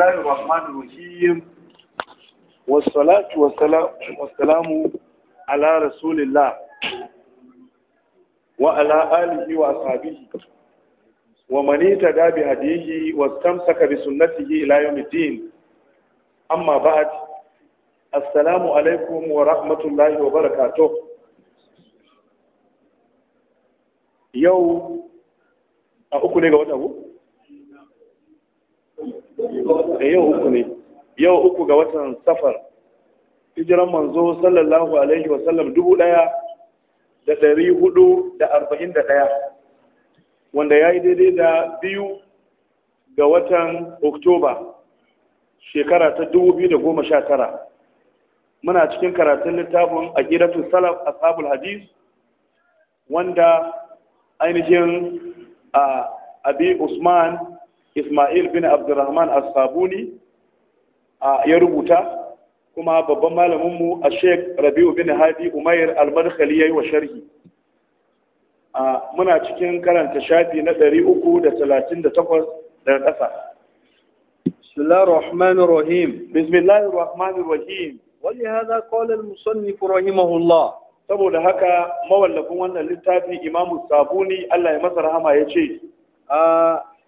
الله الرحمن الرحيم والصلاة والسلام, والسلام على رسول الله وعلى آله وأصحابه ومن اتدى بهديه واستمسك بسنته إلى يوم الدين أما بعد السلام عليكم ورحمة الله وبركاته يوم أقول لك da eh, yau uku ne yau uku ga watan safar hijiran manzo sallallahu alaihi wa sallam dubu ɗaya da dari hudu da arba'in da ɗaya wanda ya yi daidai da biyu ga watan oktoba shekara ta dubu biyu da goma sha tara muna cikin karatun littafin a gidatun salaf ashabul hadis wanda ainihin a abi usman Ismail bin Abdurrahman As-Sabuni ya rubuta kuma babban malaminmu a Sheikh Rabi'u bin Hadi Umair Al-Madkhali yayi wa sharhi muna cikin karanta shafi na 338 daga ƙasa Bismillahir Rahmanir Rahim Bismillahir Rahmanir Rahim ولهذا قال saboda haka mawallafin wannan littafi imamu sabuni Allah ya masa rahama ya ce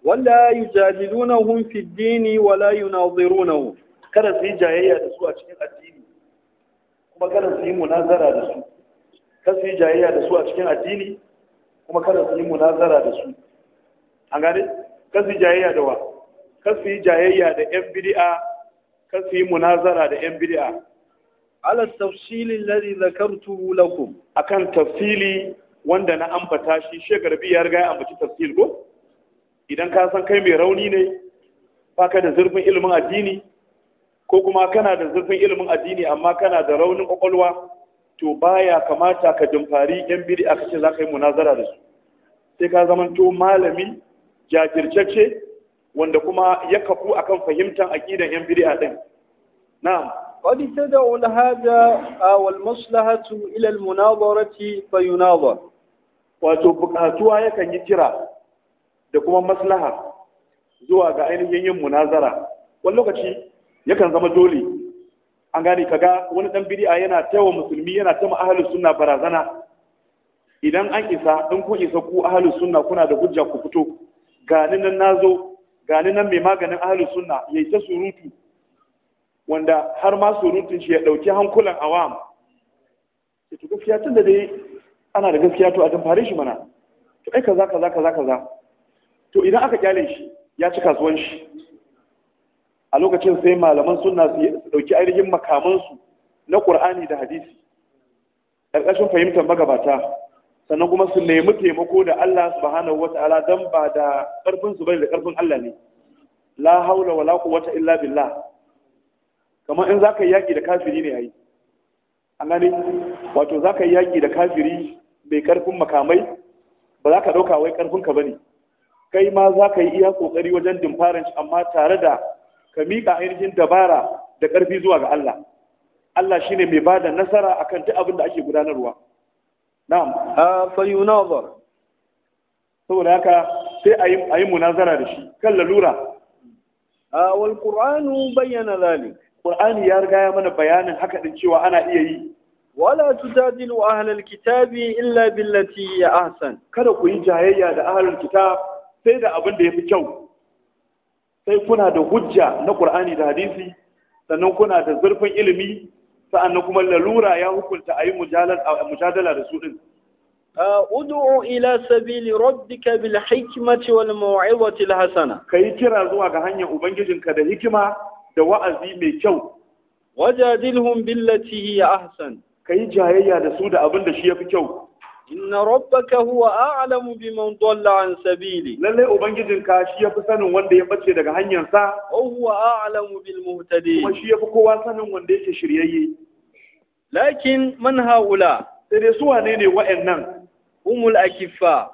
wala yujadilunahum fi dini wala yunadhirunahu kada su yi jayayya da su a cikin addini kuma kada su yi munazara da su kada su yi jayayya da su a cikin addini kuma kada su yi munazara da su an gane kada su yi jayayya da wa kada su yi jayayya da yan bid'a kada su yi munazara da yan bid'a ala tafsilin ladhi zakartu lakum akan tafsili wanda na ambata shi shekarbi ya riga ya ambaci tafsil ko idan ka san kai mai rauni ne ba ka da zurfin ilimin addini ko kuma kana da zurfin ilimin addini amma kana da raunin kwakwalwa to baya kamata ka dimfari yan biri a kace za ka yi munazara da su sai ka to malami ce, wanda kuma ya kafu akan fahimtar aqidan yan biri bid'a din na'am qad da hada wal maslahatu ila al munazarati fayunazar wato bukatuwa yakan yi kira da kuma maslaha zuwa ga ainihin yin munazara wani lokaci yakan zama dole an gane kaga wani dan bid'a yana taiwa musulmi yana mu ahlus sunna barazana idan an isa in kun isa ku ahlus sunna kuna da hujja ku fito gani nan nazo gani nan mai maganin ahlus sunna yayi ta surutu wanda har ma surutun shi ya dauki hankulan awam to gaskiya tunda dai ana da gaskiya to a tamfare shi mana to ai kaza kaza kaza kaza to idan aka kyale shi ya ci kasuwan shi a lokacin sai malaman sunna su dauki ainihin makamansu na qur'ani da hadisi karkashin fahimtar magabata sannan kuma su nemi taimako da Allah subhanahu wata'ala dan ba da karfin su bane da ƙarfin Allah ne la haula wala quwwata illa billah kamar in zaka yaki da kafiri ne yayi an gane wato zaka yaki da kafiri bai ƙarfin makamai ba za ka ɗauka wai ƙarfin ka bane kai ma za ka yi iya kokari wajen dimfaranci amma tare da ka miƙa ainihin dabara da ƙarfi zuwa ga Allah Allah shine mai ba da nasara kan duk abin da ake gudanarwa na'am ah, fa nazar. saboda haka sai a yi munazara da shi kan lalura ah, wal Kur'anu bayyana zalik qur'ani ya riga ya mana bayanin haka din cewa ana iya yi wala a ahlal kitabi illa billati ya ahsan kada ku yi jayayya da ahalar kitab sai da abin da ya fi kyau sai kuna da hujja na ƙur'ani da hadisi sannan kuna da zurfin ilimi sa'annan kuma lalura ya hukunta a yi mujadala da su ɗin. Udu'u ila sabili rabbika bil hikmati wal maw'izati al hasana. Kai kira zuwa ga hanyar ubangijinka da hikima da wa'azi mai kyau. Wajadilhum billati hiya ahsan. Kai jayayya da su da abin da shi yafi kyau. inna rabbaka huwa a'lamu biman dalla an sabili lalle ka shi yafi sanin wanda ya bace daga hanyar sa huwa a'lamu bil muhtadi kuma shi yafi kowa sanin wanda yake shiryayye lakin man haula sai dai su wane ne wa'annan umul akifa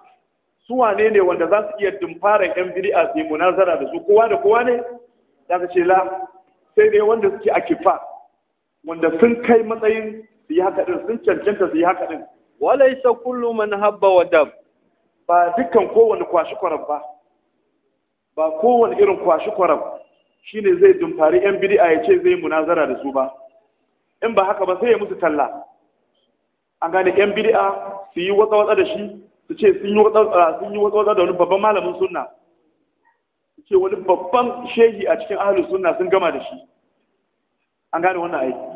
su wane ne wanda za su iya dumfaran yan bid'a sai munazara da su kowa da kowa ne ya ce la sai dai wanda suke akifa wanda sun kai matsayin su yi haka din sun cancanta su yi haka din walaisa kullu man habba wa dab ba dukkan kowane kwashi kwarab ba ba kowane irin kwashi kwarab shine zai dumfari yan bid'a ya ce zai munazara da su ba in ba haka ba sai ya musu talla an gane yan bid'a su yi watsa watsa da shi su ce sun yi watsa watsa da wani babban malamin sunna su ce wani babban shehi a cikin ahlus sunna sun gama da shi an gane wannan aiki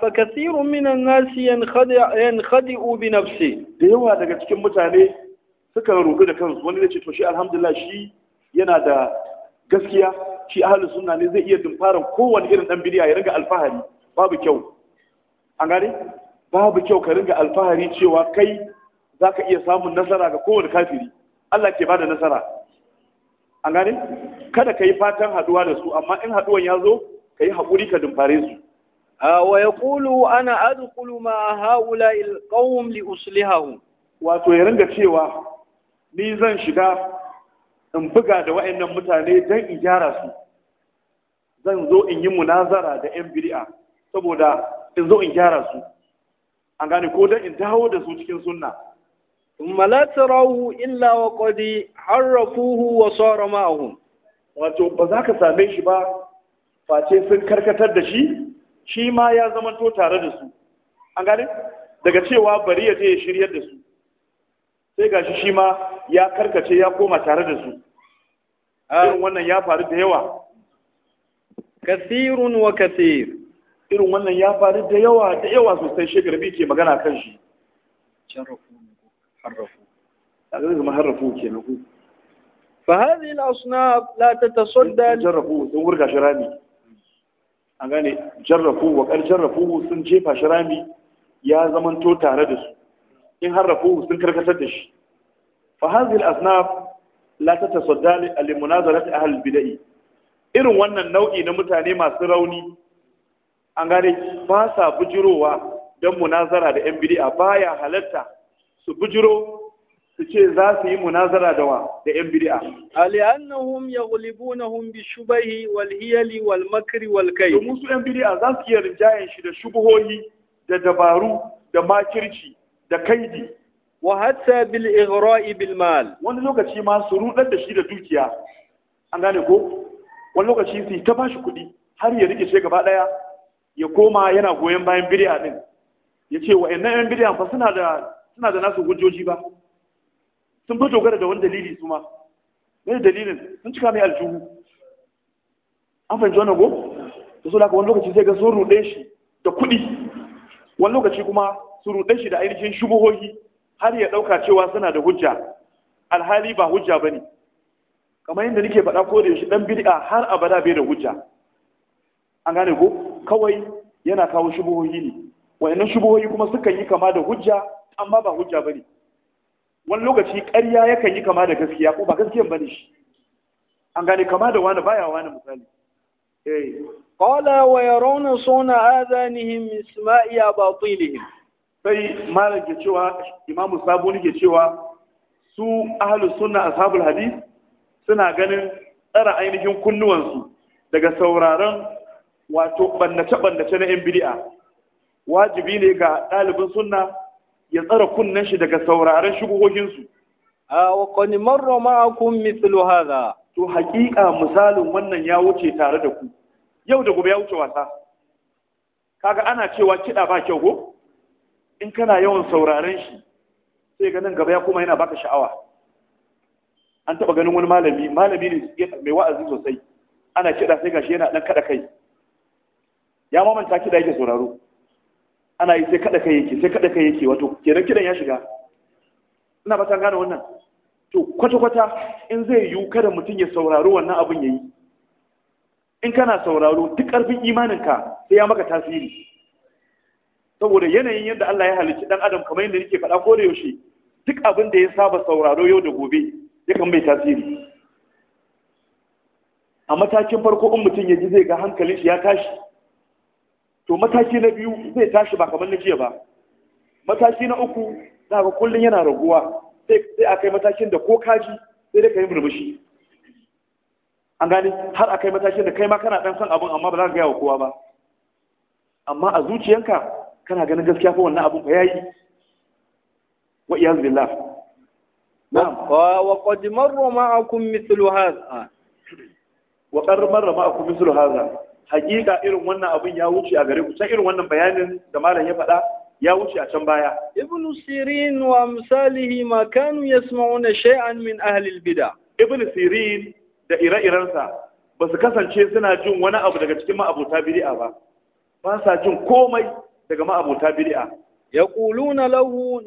fakasirun minan nasi yankhadi'u bi nafsi da yawa daga cikin mutane sukan rubu da kansu wani zai ce to shi alhamdulillah shi yana da gaskiya shi ahli sunna ne zai iya dumfaran kowanne irin dan bidiya ya ringa alfahari babu kyau an gane babu kyau ka ringa alfahari cewa kai zaka iya samun nasara ga kowane kafiri Allah ke bada nasara an gane kada ka fatan haduwa da su amma in haduwan ya zo ka yi haƙuri ka dumfare su wa yaqulu ana adkhulu ma haula alqawm wato ya ringa cewa ni zan shiga in buga da wa'annan mutane don in gyara su zan zo in yi munazara da yan biri'a saboda in zo in gyara su an gane ko don in dawo da su cikin sunna thumma la illa wa qad harrafuhu wa sara wato ba za ka same shi ba face sun karkatar da shi shi ma ya zamanto tare da su an gane daga cewa bari ya je ya shiryar da su sai gashi shi ma ya karkace ya koma tare da su irin ah. wannan ya faru da yawa kasirun wa kasir irin wannan ya faru da yawa da yawa sosai shekarbi ke magana kan shi harrafu harrafu kenan ku fa hadhihi al-asnaf la tatasadda jarrafu sun wurga an gane jarrafu wa jarrafu sun jefa shi rami ya zamanto tare da su in rafu sun karkatar da shi fa hadhihi asnaf la tatasadda li munazarati ahli al bidai irin wannan nau'i na mutane masu rauni an gane ba sa bujirowa don munazara da 'yan bid'a baya halatta su bujiro su ce za su yi munazara da wa da yan bid'a ali'annahum yaghlibunahum bi shubahi wal hiyali wal makri wal kai domin su yan bid'a za su iya rinjayen shi da shubuhohi da dabaru da makirci da kaidi wa hatta bil igra'i bil mal wani lokaci ma su rudar da shi da dukiya an gane ko wani lokaci su ta bashi kuɗi har ya rike shi gaba daya ya koma yana goyon bayan bid'a din yace ce wa'annan yan bid'a fa suna da suna da nasu hujjoji ba sun fi dogara da wani dalili su ma wani dalilin sun cika mai aljuhu an fahimci wani ko da su laka wani lokaci sai ga sun rude shi da kuɗi wani lokaci kuma su rude shi da ainihin shubuhohi har ya ɗauka cewa suna da hujja alhali ba hujja ba ne kamar yadda nake faɗa ko da yaushe ɗan bid'a har abada bai da hujja an gane ko kawai yana kawo shubuhohi ne wa'annan shubuhohi kuma sukan yi kama da hujja amma ba hujja ba ne wani lokaci ƙarya yakan yi kama da gaskiya ko ba gaskiyan ba ne shi an gane kama da wani baya wani misali eh. qala wa yarawna suna adanihim isma'iya batilihim sai malam ke cewa imamu sabo ke cewa su ahlu suna ashabul hadith suna ganin tsara ainihin kunnuwansu daga sauraron wato bannace bannace na yan bid'a wajibi ne ga ɗalibin sunna ya tsara kunnen shi daga sauraren A wa qad marra ma'akum mithlu hadha to haƙiƙa misalin wannan ya wuce tare da ku yau da gobe ya wuce wasa kaga ana cewa kiɗa ba kyau ko in kana yawan sauraren shi sai ga nan gaba ya kuma yana baka sha'awa an taɓa ganin wani malami malami ne mai wa'azi sosai ana kiɗa sai gashi yana ɗan kaɗa kai ya mamanta kiɗa yake sauraro ana yi sai kada kai yake sai kada kai yake wato kenan kidan ya shiga ina ba ta gane wannan to kwata kwata in zai yiwu kada mutum ya saurari wannan abin yayi in kana sauraro duk karfin imaninka sai ya maka tasiri saboda yanayin yadda Allah ya halicci dan adam kamar yadda nake faɗa ko da yaushe duk abin da ya saba sauraro yau da gobe yakan mai tasiri a matakin farko in mutum ya ji zai ga hankalin shi ya tashi to mataki na biyu zai tashi ba kamar na jiya ba mataki na uku za ka kullum yana raguwa sai a kai matakin da ko kaji sai dai ka yi murmushi an gane har a kai matakin da kai ma kana ɗan son abin amma ba za ka gaya wa kowa ba amma a zuciyanka kana ganin gaskiya fa wannan abin fa yayi wa iyaz billah na'am wa qad marra ma'akum mithlu hadha wa qad marra ma'akum mithlu hadha hakika irin wannan abin ya wuce a gare ku sai irin wannan bayanin da malam ya faɗa ya wuce a can baya ibn sirin wa misalihi ma kanu yasma'una shay'an min ahli al-bid'a ibn sirin da ire-irensa ba su kasance suna jin wani abu daga cikin ma'abuta bid'a ba ba sa jin komai daga ma'abuta bid'a yaquluna lahu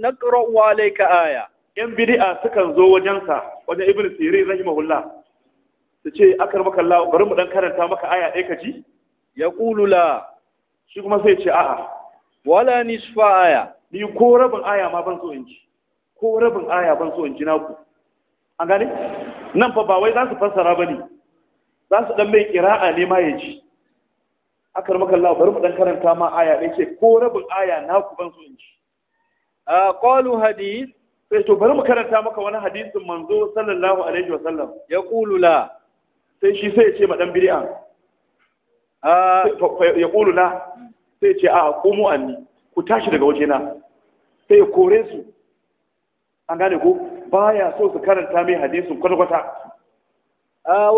wa alayka aya yan bid'a sukan zo wajensa wajen ibn sirin rahimahullah su ce akar maka Allah bari mu dan karanta maka aya ɗaya ka ji ya la shi kuma sai ce a'a wala nisfa aya ni ko rabin aya ma ban so in ji ko rabin aya ban so in ji naku an gane nan fa ba wai za su fassara ba ne za su dan mai kira'a ne ma ya ji akar maka Allah bari mu dan karanta ma aya ɗaya ce ko rabin aya naku ban so in ji a ƙwalu hadis sai to bari mu karanta maka wani hadisin manzo sallallahu alaihi wa sallam ya qulu la sai shi sai ya ce ma dan bid'a Ah, ya ƙulu na sai ce a ah, ƙumu ni ku tashi daga waje na sai ya kore su an gane ko baya so su karanta mai hadisin kwata-kwata ah,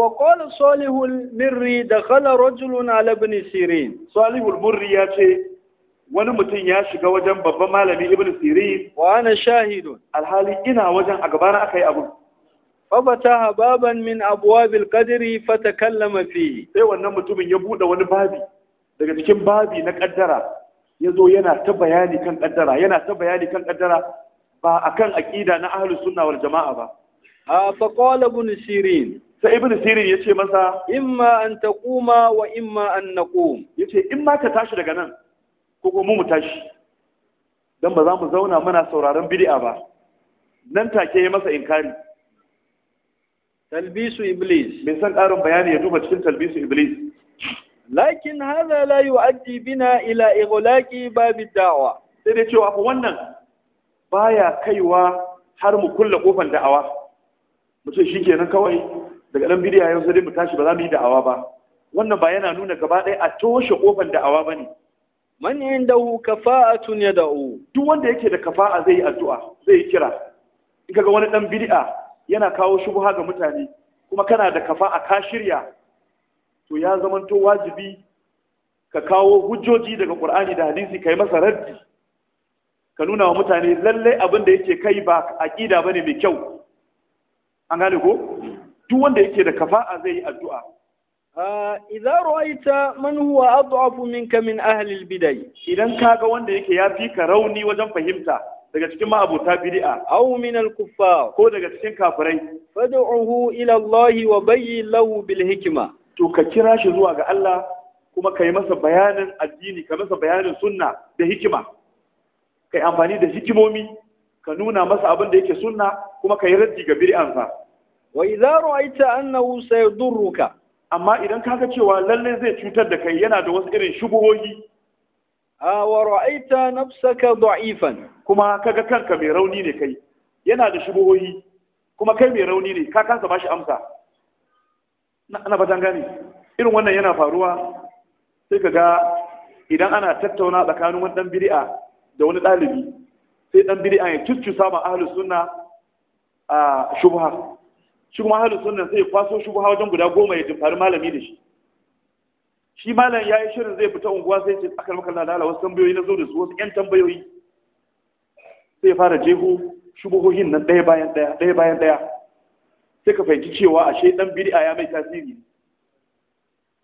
Solihul, Mirri da دخل رجل na ابن sirin Solihul, Mirri ya ce wani mutum ya shiga wajen babban malami ibn sirin wa ana shahidun alhali ina wajen a gabana aka yi abu fafataha baban min abwabil qadri fatakallama fi sai wannan mutumin ya bude wani babi daga cikin babi na kaddara yazo yana ta bayani kan kaddara yana ta bayani kan kaddara ba akan aqida na ahlus sunna wal jamaa ba a fa qala ibn sirin sai ibn sirin yace masa imma an taquma wa imma an naqum yace imma ka tashi daga nan ko mu mu tashi dan ba za mu zauna muna sauraron bid'a ba nan take ya masa inkari talbisu iblis bin san ƙarin bayani ya duba cikin talbisu iblis lakin hadha la yu'addi bina ila ighlaqi babu da'wa sai dai cewa fa wannan baya kaiwa har mu kulle kofar da'awa mu ce shikenan kawai daga dan bidiya yau sai mu tashi ba za mu yi da'awa ba wannan ba yana nuna gaba ɗaya a toshe kofar da'awa bane man indahu kafa'atun yad'u duk wanda yake da kafa'a zai yi addu'a zai kira in kaga wani dan bid'a yana kawo shubha ga mutane kuma kana da kafa a ka shirya to ya zamanto wajibi ka kawo hujjoji daga ƙur'ani da hadisi kai masa raddi ka nuna wa mutane lalle abin da yake kai ba aqida bane mai kyau an gane ko duk wanda yake da kafa'a zai yi addu'a idza ra'aita man huwa ad'afu minka min ahli al-bidai idan kaga wanda yake yafi ka rauni wajen fahimta daga cikin ma'abota, bid'a aw min al-kuffar ko daga cikin kafirai fad'uhu ila Allah wa bayyin lahu bil hikma to ka kira shi zuwa ga Allah kuma kai masa bayanin addini ka masa bayanin sunna da hikima kai amfani da hikimomi ka nuna masa abin da yake sunna kuma kai raddi ga bid'ansa wa idza ra'aita annahu sayadurruka amma idan kaga cewa lalle zai cutar da kai yana da wasu irin shubuhohi a wa ra'aita nafsaka da'ifan kuma kaga kanka mai rauni ne kai yana da shubuhohi kuma kai mai rauni ne ka kasa bashi amsa ana fatan gane irin wannan yana faruwa sai kaga idan ana tattauna tsakanin wani dan bid'a da wani ɗalibi sai dan bid'a ya cuccusa sama ahlus sunna a shubha shi kuma ahlus sunna sai ya kwaso shubha wajen guda goma ya dimfari malami da shi shi malam ya yi shirin zai fita unguwa sai ce akar makalla da ala wasu tambayoyi na zo da su wasu 'yan tambayoyi sai ya fara jeho shubuhohin nan ɗaya bayan ɗaya ɗaya bayan ɗaya sai ka fahimci cewa ashe dan bid'a ya mai tasiri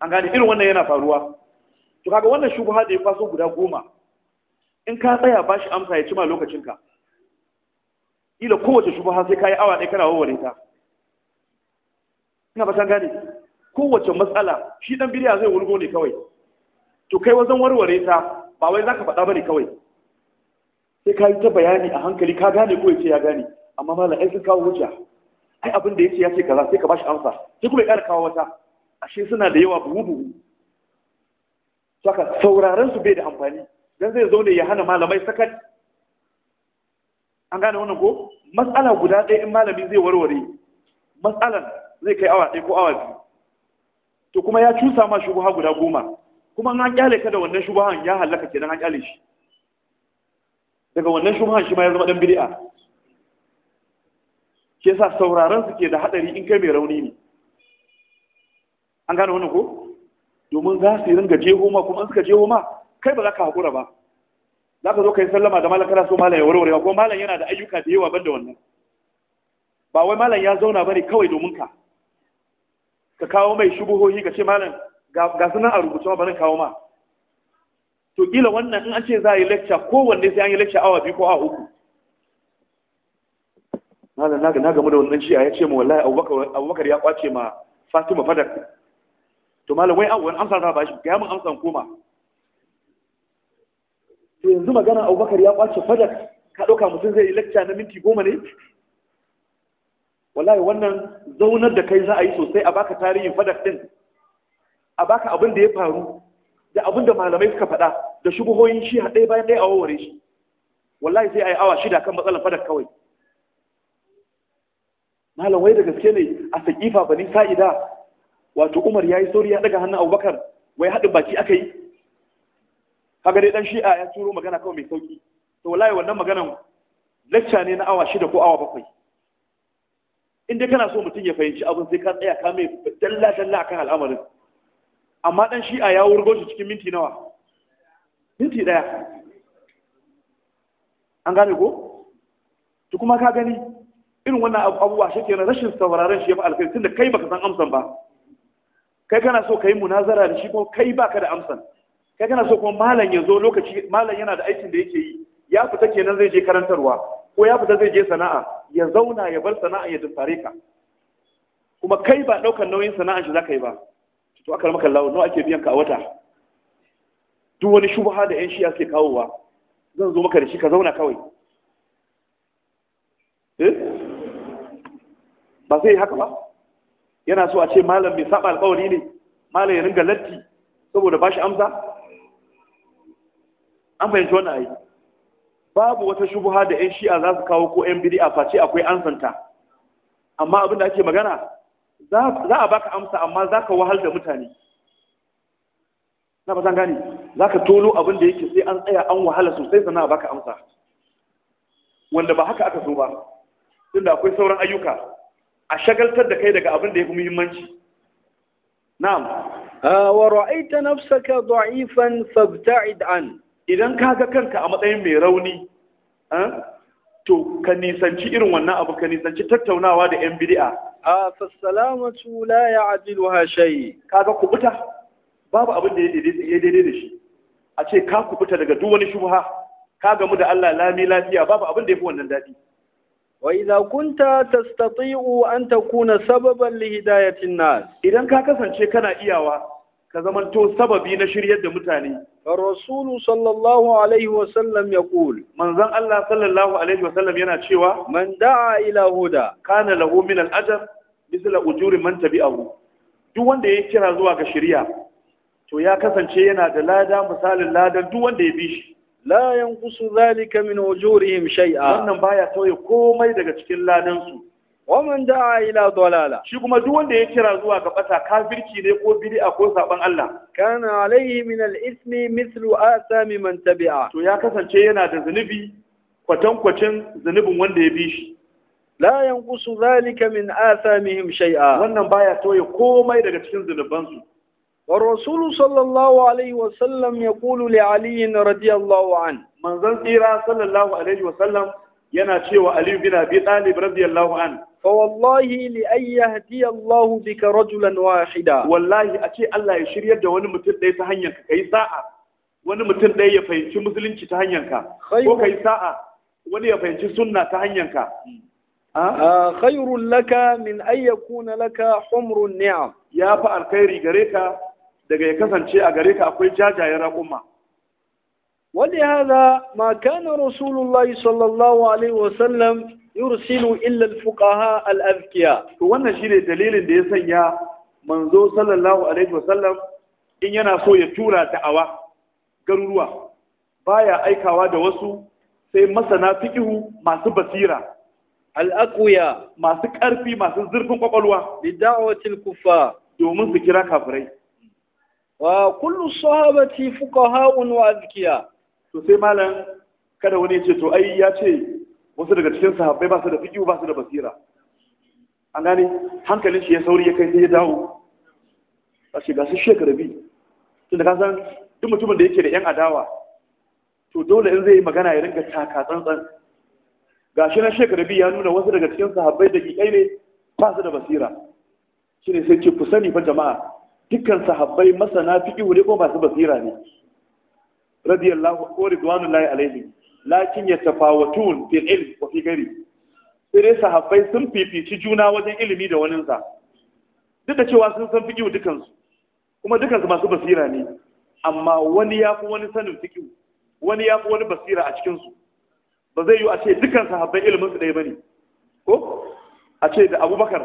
an gane irin wannan yana faruwa to kaga wannan shubuha da ya faso guda goma in ka tsaya ba shi amsa ya ci ma lokacinka ila kowace shubuha sai ka yi awa ɗaya kana warware ta ina ba gane kowace matsala shi ɗan bidiya zai wurgo ne kawai to kai wajen warware ta ba wai zaka faɗa bane kawai sai ka yi ta bayani a hankali ka gane ko ya ya gane amma malam ai sun kawo hujja ai abin da ya ce ya ce kaza sai ka bashi amsa sai kuma ya ƙara kawo wata ashe suna da yawa buhu buhu saka sauraron su bai da amfani dan zai zo ne ya hana malamai sakat an gane wannan ko matsala guda ɗaya in malami zai warware matsalan zai kai awa ɗaya ko awa biyu to kuma ya cusa ma shubuha guda goma kuma an kyale ka da wannan shubuhan ya halaka kenan an kyale shi daga wannan shubhan shi ma ya zama dan bid'a shi yasa sauraron su ke da hadari in kai mai rauni ne an gane wannan ko domin za su yi ringa jeho ma kuma in suka jeho ma kai ba za ka hakura ba za ka zo ka yi sallama da malam kana so malam ya warware ko malam yana da ayyuka da yawa banda wannan ba wai malam ya zauna ba ne kawai domin ka ka kawo mai shubuhohi ka ce malam ga sunan a rubuce ba nan kawo ma to kila wannan in an ce za a yi lecture kowanne sai an yi lecture awa biyu ko awa uku na na gamu da wannan shi ya ce mu wallahi abubakar ya kwace ma fatima fadak to malam wai awon amsa za ba shi ga mun amsan koma to yanzu magana abubakar ya kwace fadak ka ɗauka mutum zai yi lecture na minti goma ne wallahi wannan zaunar da kai za a yi sosai a baka tarihin fadak din a baka abin da ya faru da abin da malamai suka faɗa da shubuhoyin shi haɗe bayan ɗaya a warware shi wallahi sai a yi awa shida kan matsalar fadar kawai malam da gaske ne a saƙifa bani sa'ida wato umar ya yi sauri ya ɗaga hannun abubakar wai haɗin baki aka yi kaga dai ɗan shi'a ya turo magana kawai mai sauƙi to wallahi wannan maganan lacca ne na awa shida ko awa bakwai in dai kana so mutum ya fahimci abin sai ka tsaya ka mai dalla dalla akan al'amarin amma dan shi'a ya wurgo shi cikin minti nawa minti ɗaya an gane ko to kuma ka gani irin wannan abubuwa shi na rashin sauraron shi ya fi alkhairi tunda kai baka san amsan ba kai kana so kai munazara da shi ko kai baka da amsan kai kana so kuma malam ya zo lokaci malam yana da aikin da yake yi ya fita kenan zai je karantarwa ko ya fita zai je sana'a ya zauna ya bar sana'a ya dumfare ka kuma kai ba ɗaukar nauyin sana'a shi za ka yi ba to aka maka lawo nawa ake biyan ka a wata duk wani shubha da yan shiya ke kawowa zan zo maka da shi ka zauna kawai eh ba sai haka ba yana so a ce malam mai saba alƙawari ne malam ya ringa latti saboda ba shi amsa an fahimci wannan ayi babu wata shubha da yan shi'a za su kawo ko yan bid'a face akwai ansanta amma abin da ake magana za a baka amsa amma za ka wahal da mutane na ba zan gane za ka tolo abin da yake sai an tsaya an wahala sosai sana a baka amsa wanda ba haka aka so ba da akwai sauran ayyuka a shagaltar da kai daga abin da ya fi muhimmanci na'am wa ra'aita nafsaka da'ifan fabta'id an idan ka ga kanka a matsayin mai rauni eh, to ka nisanci irin wannan abu ka nisanci tattaunawa da yan bid'a a fassalamatu la ya'diluha Ka kaga kubuta babu abin da ya daidai da shi a ce ka kubuta daga duk wani shubha ka gamu da Allah lami lafiya babu abin da ya fi wannan dadi wa idza kunta tastati'u an takuna sababan li hidayatin nas idan ka kasance kana iyawa ka zamanto sababi na shiryar da mutane الرسول صلى الله عليه وسلم يقول من ذن الله صلى الله عليه وسلم yana cewa man da'a ila huda kana lahu min al-ajr misla ujuri man duk wanda ya kira zuwa ga shari'a to ya kasance yana da lada misalin ladan duk wanda ya bi shi la yanqusu zalika min ujurihim shai'a. wannan baya sauya komai daga cikin ladan su wa da da'a ila dalala shi kuma duk wanda ya kira zuwa ga bata kafirci ne ko bid'a ko saban Allah kana alaihi min al-ismi mithlu asami man tabi'a to ya kasance yana da zunubi kwatankwacin zunubin wanda ya bi shi la yanqusu zalika min athamihim shay'a wannan baya toye komai daga cikin zunubansu والرسول صلى الله عليه وسلم يقول لعلي رضي الله عنه من ذنب صلى الله عليه وسلم ينا شيء علي بن أبي طالب رضي الله عنه فوالله لأن يهدي الله بك رجلا واحدا والله أتي الله يشري يده وانا متن دي تهنيك كي ساعة وانا متن دي يفين شو مسلين تهنيك وكي ساعة وانا يفين شو سنة تهنيك خير لك من أن يكون لك حمر النعم يا فأر كيري غريكا daga ya kasance a gare ka akwai jajayen raƙuma ولهذا ما كان رسول الله صلى الله عليه وسلم yursilu illa al-fuqaha al-azkiya to wannan shine dalilin da ya sanya manzo sallallahu alaihi wasallam in yana so ya tura da'awa garuruwa baya aikawa da wasu sai masana fiqhu masu basira al-aqwiya masu ƙarfi masu zurfin kwakwalwa da'watil kufa domin su kira kafirai wa kullu sahabati fuqaha wa azkiya to sai malam kada wani ya ce to ai ya ce wasu daga cikin sahabbai ba su da fiƙi ba su da basira an gane hankalin shi ya sauri ya kai sai ya dawo a ce ga su shekara bi tun da kasan duk mutumin da yake da yan adawa to dole in zai yi magana ya ringa taka tsantsan ga shi na shekara bi ya nuna wasu daga cikin sahabbai da ƙiƙai ne ba su da basira shi ne sai ce ku sani fa jama'a dukkan sahabbai masana fiƙi ne ko masu basira ne radiyallahu ko ridwanullahi alaihi lakin ya tafawatun fil ilm wa fi gari sai dai sahabbai sun fifici juna wajen ilimi da waninsa duk da cewa sun san dukan dukansu kuma dukansu masu basira ne amma wani ya fi wani sanin fiƙiu wani ya fi wani basira a cikinsu ba zai yi a ce dukan sahabbai ilimin su ɗaya ba ne ko a ce da abubakar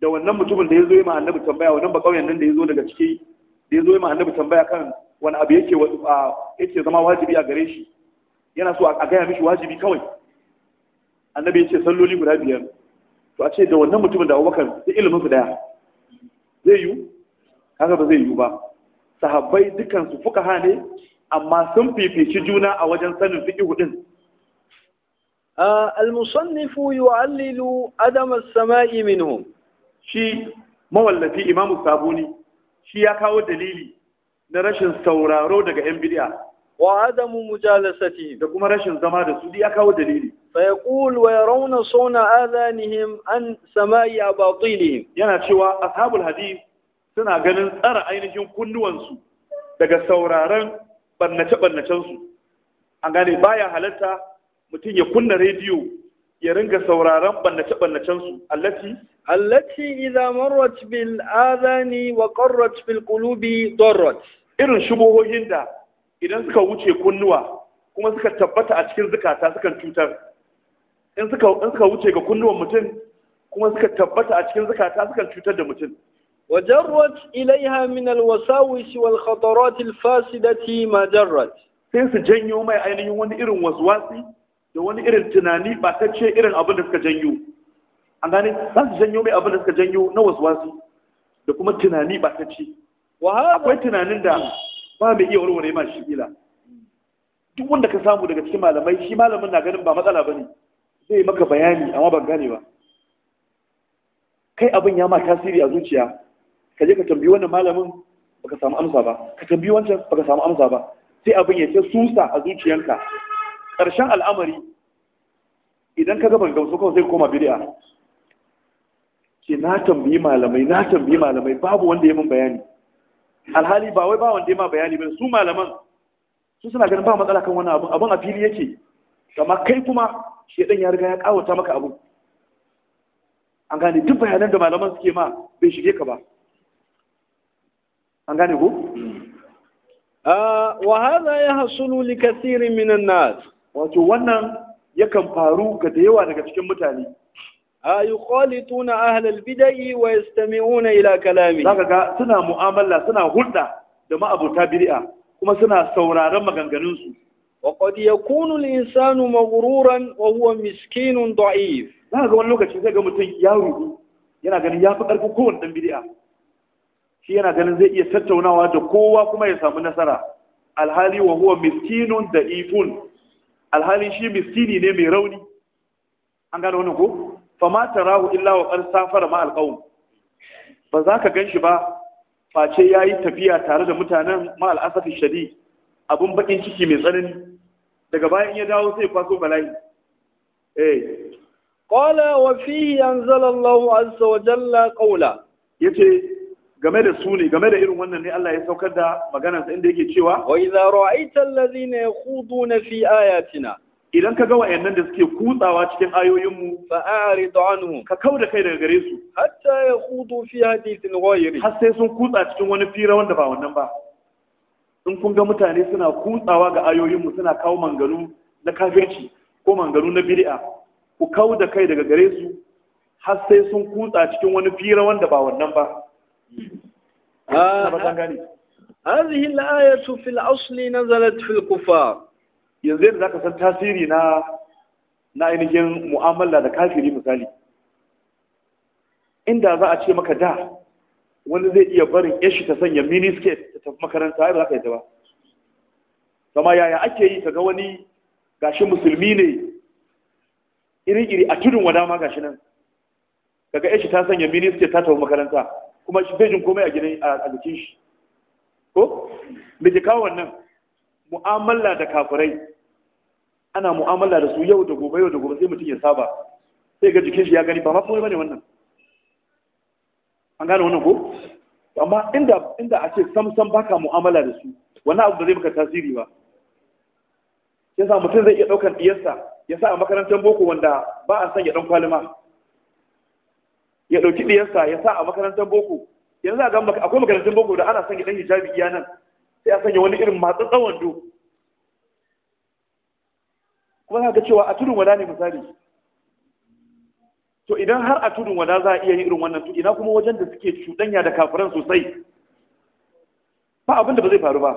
da wannan mutumin da ya zo yi ma annabi tambaya wannan bakauyen nan da ya zo daga ciki da ya zo yi ma annabi tambaya kan wani abu yake yake zama wajibi a gare shi yana so a gaya mishi wajibi kawai annabi ya ce salloli guda biyar to a ce da wannan mutumin da abubakar da ilimin su daya zai yiwu kaga ba zai yiwu ba sahabbai dukansu fukaha ne amma sun fifici juna a wajen sanin al din yu'allilu adam as-sama'i minhum shi mawallafi imamu sabuni shi ya kawo dalili na rashin sauraro daga 'yan bid'a wa adamu mujalasati da kuma rashin zama da su ya kawo dalili fa yaqul wa yarawna sawna adanihim an a yana cewa ashabul hadith suna ganin tsara ainihin kunnuwansu daga sauraron barnace barnacen su an gane baya halatta mutum ya kunna rediyo ya ringa sauraron barnace barnacen su allati allati idza marrat bil adani wa qarrat bil qulubi darrat irin shubuhohin da idan suka wuce kunnuwa kuma suka tabbata a cikin zukata sukan cutar in suka wuce ga kunnuwan mutum kuma suka tabbata a cikin zukata sukan cutar da mutum wajarrat ilaiha min alwasawis والخطرات الفاسدة ما جرت sai su janyo mai ainihin wani irin waswasi da wani irin tunani ba ta ce irin abin da suka janyo an gane za su janyo mai abin da suka janyo na waswasi da kuma tunani ba ta ce akwai tunanin da ba mai iya warware ma shi ila duk wanda ka samu daga cikin malamai shi malamin na ganin ba matsala ba ne. zai maka bayani amma ban gane ba kai abin ya ma tasiri a zuciya ka je ka tambayi wannan malamin baka samu amsa ba ka tambayi wancan baka samu amsa ba sai abin ya ce susa a zuciyanka ƙarshen al'amari idan ka gaban gamsu kawai zai koma bid'a Ke na tambayi malamai na tambayi malamai babu wanda ya min bayani alhali ba wai bawan dai ma bayani ba su malaman su suna ganin ba matsala kan wani abu. abun a fili yake kama kai kuma shedan ya riga ya kawata maka abu an gane duk bayanan da malaman suke ma bai shige ka ba an gane ko ah, wa hadha hasulu li kathirin minan nas wato wannan yakan faru ga da yawa daga cikin mutane A yuqalituna ahlal bid'i wa una ila kalami Za zaka ga suna mu'amala suna hulɗa da ma'abuta bid'a kuma suna sauraron maganganunsu. su wa qad yakunu al-insanu maghruran wa huwa miskinun da'if zaka ga wani lokaci zai ga mutum ya rubu yana ganin ya fi ƙarfin kowane ɗan bid'a shi yana ganin zai iya tattaunawa da kowa kuma ya samu nasara alhali wa huwa miskinun da'ifun alhali shi miskini ne mai rauni an gano wani ko fa ma tarahu illa wa qad safara ma alqaum ba za ka ganshi ba face yayi tafiya tare da mutanen ma al'asafi shadi abun bakin ciki mai tsanani daga bayan ya dawo sai kwaso bala'i eh qala wa fi anzala Allahu azza wa jalla qawla yace game da su ne game da irin wannan ne Allah ya saukar da maganarsa inda yake cewa wa idza ra'aita alladhina yakhuduna fi ayatina idan ka ga nan da suke kutsawa cikin ayoyinmu fa a'rid anhum ka kauda kai daga gare su hatta yakhudu fi hadithin ghayri har sai sun kutsa cikin wani fira wanda ba wannan ba in kun ga mutane suna kutsawa ga ayoyinmu suna kawo manganu na kafirci ko manganu na bid'a ku kauda kai daga gare su har sai sun kutsa cikin wani fira wanda ba wannan ba هذه الآية في الأصل نزلت في الكفار yanzu yadda za ka san tasiri na na ainihin mu'amala da kafiri misali inda za a ce maka da wani zai iya barin yashi ta sanya mini skirt ta tafi makaranta yadda za ka yi ba kama yaya ake yi ka ga wani gashi musulmi ne iri-iri a tudun wada ma gashi nan kaga yashi ta sanya mini skirt ta tafi makaranta kuma shi zai jin komai a gidan a jikin shi ko da ke kawo wannan mu'amala da kafirai ana mu'amala da su yau da gobe yau da gobe sai mutum ya saba sai ga jikin shi ya gani ba ma komai bane wannan an gane wannan ko amma inda inda ake ce samsam baka mu'amala da su wannan abu ba zai maka tasiri ba yasa mutum zai iya daukan diyarsa ya sa a makarantar boko wanda ba a son ya dan kwalima ya dauki diyarsa ya sa a makarantar boko yanzu a ga akwai makarantar boko da ana son ya dan hijabi iya nan sai a sanya wani irin tsawon wando kuma za ga cewa a tudun wada ne misali to idan har a tudun wada za a iya yin irin wannan to ina kuma wajen da suke cuɗanya da kafiran sosai ba abin da ba zai faru ba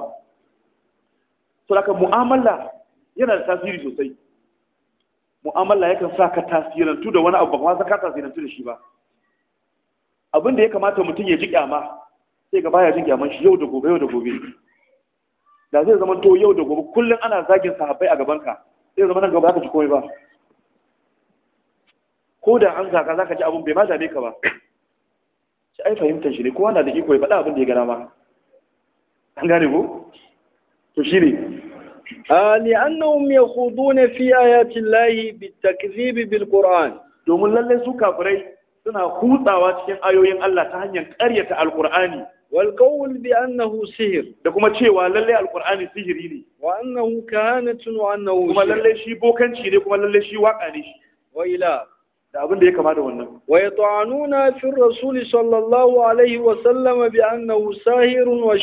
so haka mu'amala yana da tasiri sosai mu'amala yakan sa ka tasirantu da wani abu ba kuma ka tasirantu da shi ba abin da ya kamata mutum ya ji kyama sai ga baya jin kyaman shi yau da gobe yau da gobe da zai zama to yau da gobe kullum ana zagin sahabbai a gabanka zai zama nan gaba za ka ci komai ba ko da an zaka za ka ji abin bai ma dame ka ba shi ai fahimtar shi ne kowa na da iko ya faɗa abin da ya gana ma an gane ko to shi ne لأنهم يخوضون في آيات الله بالتكذيب بالقرآن domin lallai su kafirai suna hutsawa cikin ayoyin Allah ta hanyar ƙaryata alƙur'ani wal qawl bi annahu sihr da kuma cewa lalle alqur'ani sihiri ne wa annahu kahanatun wa annahu kuma lalle shi bokanci ne kuma lalle shi waka ne shi da abin da ya kama da sallallahu wa bi wa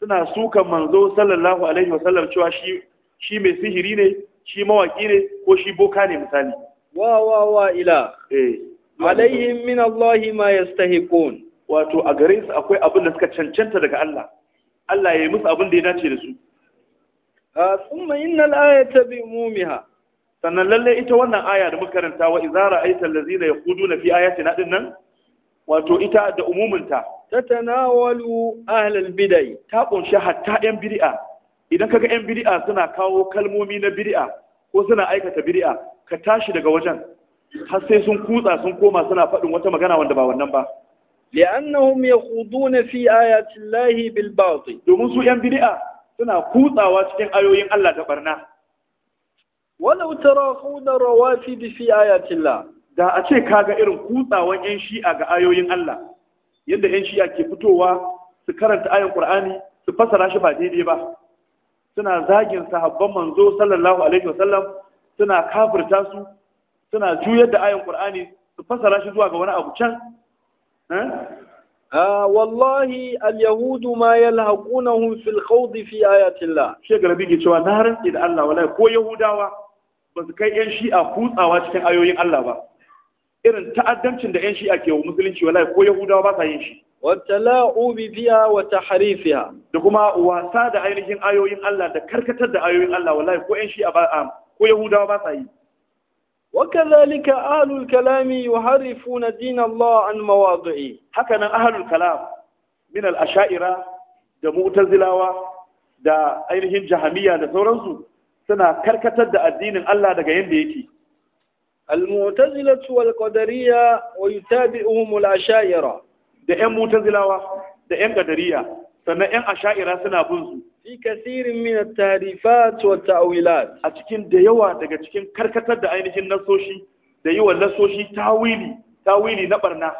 suna sukan manzo sallallahu alaihi wa sallam cewa shi shi mai sihiri ne shi mawaki ne ko shi boka ne misali wa wa wa ila eh alaihim min allahi ma yastahiqun wato a gare su akwai abin da suka cancanta daga Allah Allah ya yi musu abin da ya dace da su thumma innal ayata bi umumiha sannan lalle ita wannan aya da muka karanta wa idza ra'aita allazina yaquduna fi ayatina dinnan wato ita da umuminta tatanawalu al bidai ta kunshi hatta yan bid'a idan kaga yan bid'a suna kawo kalmomi na bid'a ko suna aikata bid'a ka tashi daga wajen har sai sun kutsa sun koma suna faɗin wata magana wanda ba wannan ba لأنهم يخوضون في آيات الله بالباطل batil domin su yan سنا suna kutsawa cikin ayoyin Allah ta barna ولو ترى خوض rawafid في آيات الله da a ce kaga irin kutsawan yan shi'a ga ayoyin Allah yadda yan shi'a ke fitowa su karanta ayan Qur'ani su fasara shi ba daidai ba suna zagin sahabban manzo sallallahu alaihi wasallam suna kafirta su suna juyar da ayan Qur'ani su fasara shi zuwa ga wani abu can Ah, wallahi al-yahudu ma yalhaqunahum fil khawd fi ayatillah shi garbi ke cewa na rantsi da Allah wallahi ko yahudawa ba su kai yan shi'a kutsawa cikin ayoyin Allah ba irin ta'addancin da yan shi'a ke wa musulunci wallahi ko yahudawa ba sa yin shi wattala'u bi biha wa tahrifiha da kuma wasa da ainihin ayoyin Allah da karkatar da ayoyin Allah wallahi ko yan shi'a ba ah, ko yahudawa ba sa yi وكذلك أهل الكلام يحرفون دين الله عن مواضعه هكذا أهل الكلام من الأشائرة da mu'tazilawa da ainihin jahamiya da sauransu suna karkatar da addinin Allah daga yadda yake al-mu'tazilatu wal qadariyya wa yutabi'uhum al-ashaira da ƴan mu'tazilawa da ƴan qadariyya sannan yan asha'ira suna bin su fi kasirin min at-tarifat wa a cikin da yawa daga cikin karkatar da ainihin nasoshi da yi nasoshi tawili tawili na barna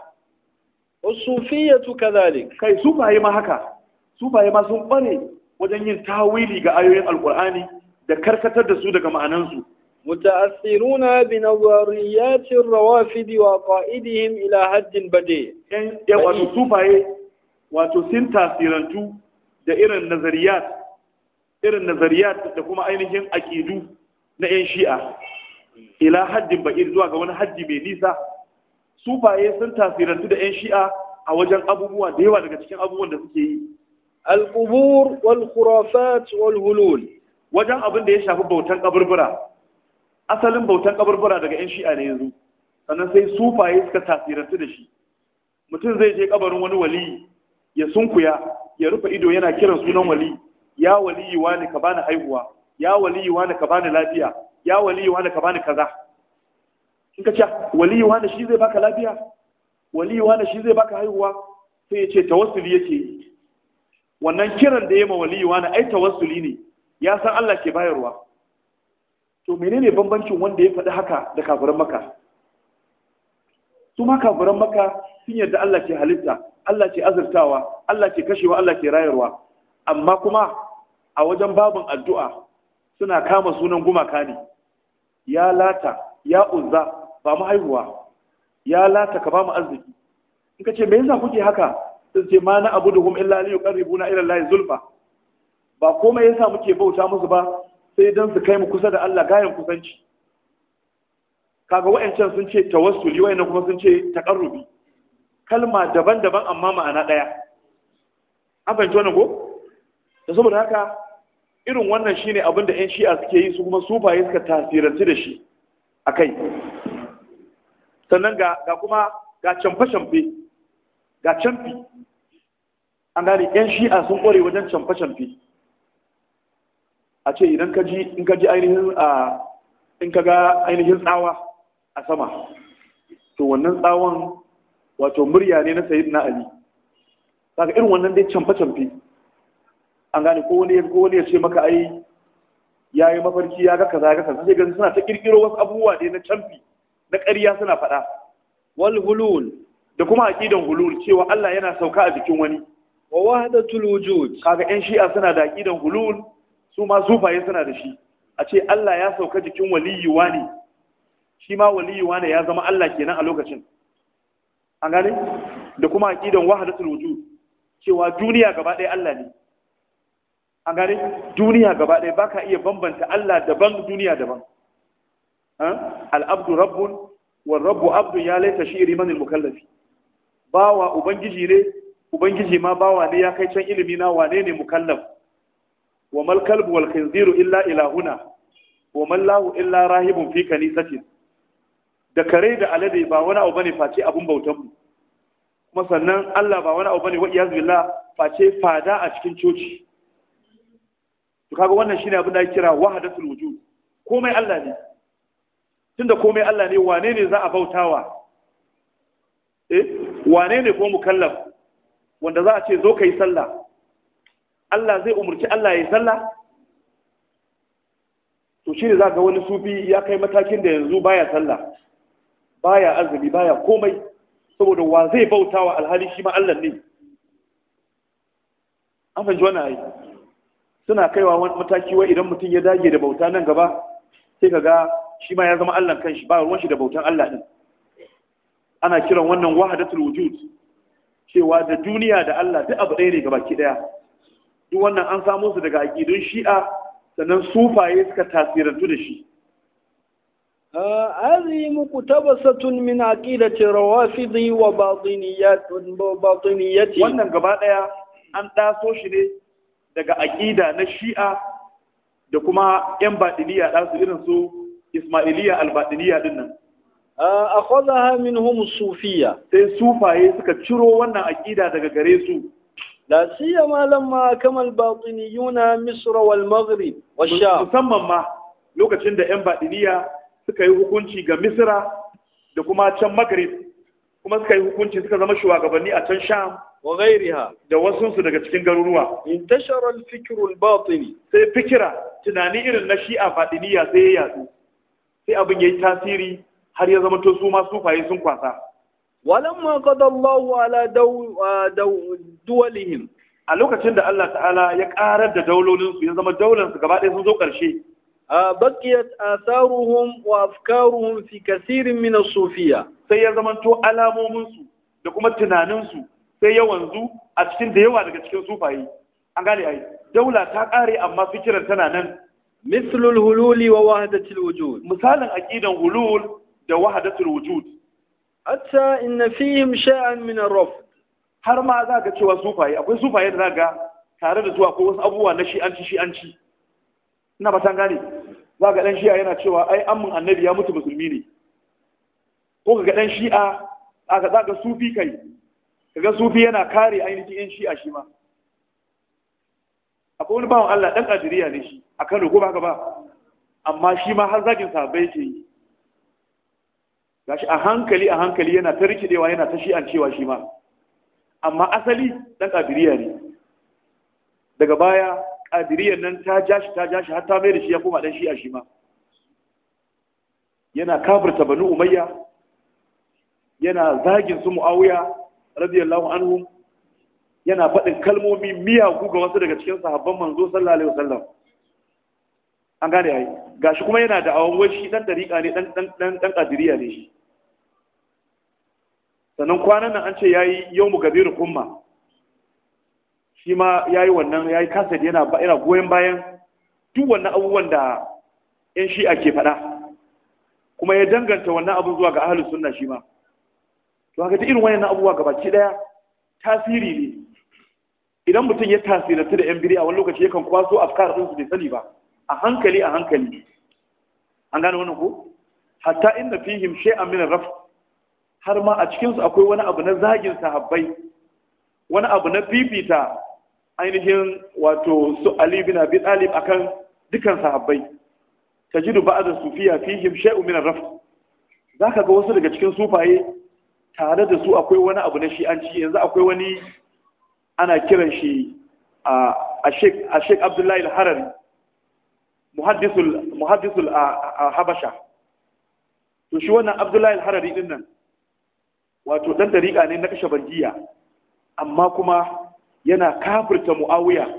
usufiyatu kadhalik kai sufaye ma haka sufaye ma sun bare wajen yin tawili ga ayoyin alqur'ani da karkatar da su daga ma'anansu متأثرون بنظريات الروافد وعقائدهم إلى حد بديع. يعني wato sun tasirantu da irin nazariyat irin nazariyat da kuma ainihin aƙidu na 'yan shi'a ila haddin ba'ir zuwa ga wani haddi mai nisa su baye sun tasirantu da 'yan shi'a a wajen abubuwa da yawa daga cikin abubuwan da suke yi al-qubur wal khurafat wal hulul wajen abin da ya shafi bautan kaburbura asalin bautan kaburbura daga 'yan shi'a ne yanzu sannan sai sufaye suka tasirantu da shi mutum zai je kabarin wani waliyi ya sunkuya ya rufe ido yana kiran sunan wali ya yi wani ka bani haihuwa ya yi wani ka bani lafiya ya yi wani ka bani kaza in ka ce yi wani shi zai baka lafiya yi wani shi zai baka haihuwa sai ya ce tawassuli yake wannan kiran da ya ma yi wani ai tawassuli ne ya san Allah ke bayarwa to menene bambancin wanda ya faɗi haka da kafiran maka su ma kafiran maka sun yarda Allah ke halitta Allah ke azurtawa Allah ke kashewa Allah ke rayarwa amma kuma a wajen babin addu'a suna kama sunan gumaka ne ya lata ya uzza ba mu haihuwa ya lata ka ba mu arziki in ka ce me yasa kuke haka sun ce ma na Abu da abuduhum illa li yuqarribuna irin layin zulfa ba komai yasa muke bauta musu ba sai don su kai mu kusa da Allah gayan kusanci kaga wayancan sun ce tawassuli wa'annan kuma sun ce taqarrubi kalma daban-daban amma ma'ana ɗaya an fahimci wannan ko da saboda haka irin wannan shine abin da 'yan shi'a suke yi su kuma sufaye suka tasiranci da shi a kai sannan ga kuma ga camfe-camfe ga camfi an gane 'yan shi'a sun kware wajen camfe-camfe a ce idan ka ji in ka ji ainihin a ainihin tsawa a sama to wannan tsawon wato murya ne na sayyidina ali kaga irin wannan dai canfa camfe an gane ko wani ko wani ya ce maka ai yayi mafarki ya ga kaza ga kaza sai ga suna ta kirkiro wasu abubuwa ne na canfi na ƙarya suna faɗa wal hulul da kuma aqidan hulul cewa Allah yana sauka a jikin wani wa wahdatul wujud kaga yan shi'a suna da aqidan hulul su ma sufaye suna da shi a ce Allah ya sauka jikin waliyuwa ne shi ma waliyuwa ne ya zama Allah kenan a lokacin an gane da kuma aqidan wahdatul wujud cewa duniya gaba ɗaya Allah ne an gane duniya gaba ɗaya baka iya bambanta Allah daban duniya daban al'abdu rabbun wa rabbu abdu ya laita shi iri manil mukallafi bawa ubangiji ne ubangiji ma bawa ne ya kai can ilimi na wane ne mukallaf wa mal kalbu wal khinziru illa ilahuna wa man illa rahibun fi kanisatin da kare da alade ba wani abu bane face abun bautan mu kuma sannan Allah ba wani abu bane wa iyaz billah face fada a cikin coci to kaga wannan shine abin da ake kira wahdatul wujud komai Allah ne tunda komai Allah ne wane ne za a bautawa eh wane ne ko mukallaf wanda za a ce zo kai sallah Allah zai umurci Allah ya sallah to shi ne za ga wani sufi ya kai matakin da yanzu baya sallah baya azumi baya komai saboda wa zai bautawa alhali shi ma Allah ne an fahimci wannan ai suna kaiwa wani mataki wai idan mutum ya dage da bauta nan gaba sai ka ga shi ma ya zama Allah kanshi ba ruwan shi da bautan Allah din ana kiran wannan wahdatul wujud cewa da duniya da Allah duk abu ɗaya ne gabaki ɗaya duk wannan an samo su daga aqidun shi'a sannan sufaye suka tasirantu da shi هذه مقتبسة من عقيدة الروافض وباطنيات باطنيات wannan gaba daya an taso shi ne daga aqida na Shi'a da kuma yan batiniya da su irin su Ismailiyya al-Batiniyya din akhadha minhum sufiyya sai sufaye suka ciro wannan aqida daga gare su la siyama lamma kamal batiniyuna misr wal maghrib wash sham musamman ma lokacin da yan batiniya suka yi hukunci ga Misira da kuma can magrib kuma suka yi hukunci suka zama shugabanni a can sham wa da wasu daga cikin garuruwa intashara al-fikr sai fikira tunani irin na shi'a fadiniya sai ya yatsu sai abin yayi tasiri har ya zama to su ma sufaye sun kwasa walamma qada Allahu ala duwalihim a lokacin da Allah ta'ala ya karar da daulolin ya zama daular gaba ɗaya sun zo ƙarshe bakiyat asaruhum wa afkaruhum fi kasirin min sufiya sai ya zama da kuma tunanin su sai ya wanzu a cikin da yawa daga cikin sufaye. an gane ai daula ta kare amma fikiran tana nan mislul hululi wa wahdatul wujud misalin aqidan hulul da wahdatul wujud hatta in fihim sha'an min arraf har ma za ka cewa sufayi akwai sufaye da za ga tare da zuwa akwai wasu abubuwa na shi'anci shi'anci ina ba san gane za ga dan shi'a yana cewa ai amman annabi ya mutu musulmi ne ko ga dan shi'a aka za ga sufi kai kaga sufi yana kare ainihin yan shi'a shi ma akwai wani bawan Allah dan Najeriya ne shi a Kano ko ba ba amma shi ma har zagin sahabbai yake yi gashi a hankali a hankali yana ta rikidewa yana ta shi'an cewa shi ma amma asali dan kadiriya ne daga baya ƙadiriyar nan ta ja ta ja shi har ta mai da shi ya koma ɗan shi'a shi ma yana kafirta banu umayya yana zagin su mu'awiya radiyallahu anhu yana faɗin kalmomi miyagu ga wasu daga cikin sahabban manzo sallallahu alaihi wasallam an gane ai gashi kuma yana da awon shi dan dariƙa ne dan dan dan dan kadiriya ne shi sannan kwanan nan an ce yayi yawmu gadirul umma shi ma ya yi wannan ya yi kasar yana goyon bayan duk wannan abubuwan da 'yan shi'a ke faɗa kuma ya danganta wannan abin zuwa ga ahalus sunna shi ma to haka ta irin wannan abubuwa ga baki ɗaya tasiri ne idan mutum ya tasirantu da 'yan biri a wani lokaci yakan kwaso afkar ɗin su bai sani ba a hankali a hankali an gane wannan ko hatta inna fihim shay'an min raf har ma a cikin su akwai wani abu na zagin sahabbai wani abu na fifita ainihin wato su Ali bin Abi Talib akan dukan sahabbai tajidu ba'd sufiya fihim shay'un min ar-raf zaka ga wasu daga cikin sufaye tare da su akwai wani abu na shi'anci yanzu akwai wani ana kiran shi a a Sheikh Abdullahi al-Harari muhaddisul muhaddisul habasha to shi wannan Abdullahi al-Harari din nan wato dan dariƙa ne na kashe bangiya amma kuma yana kafirta mu'awiya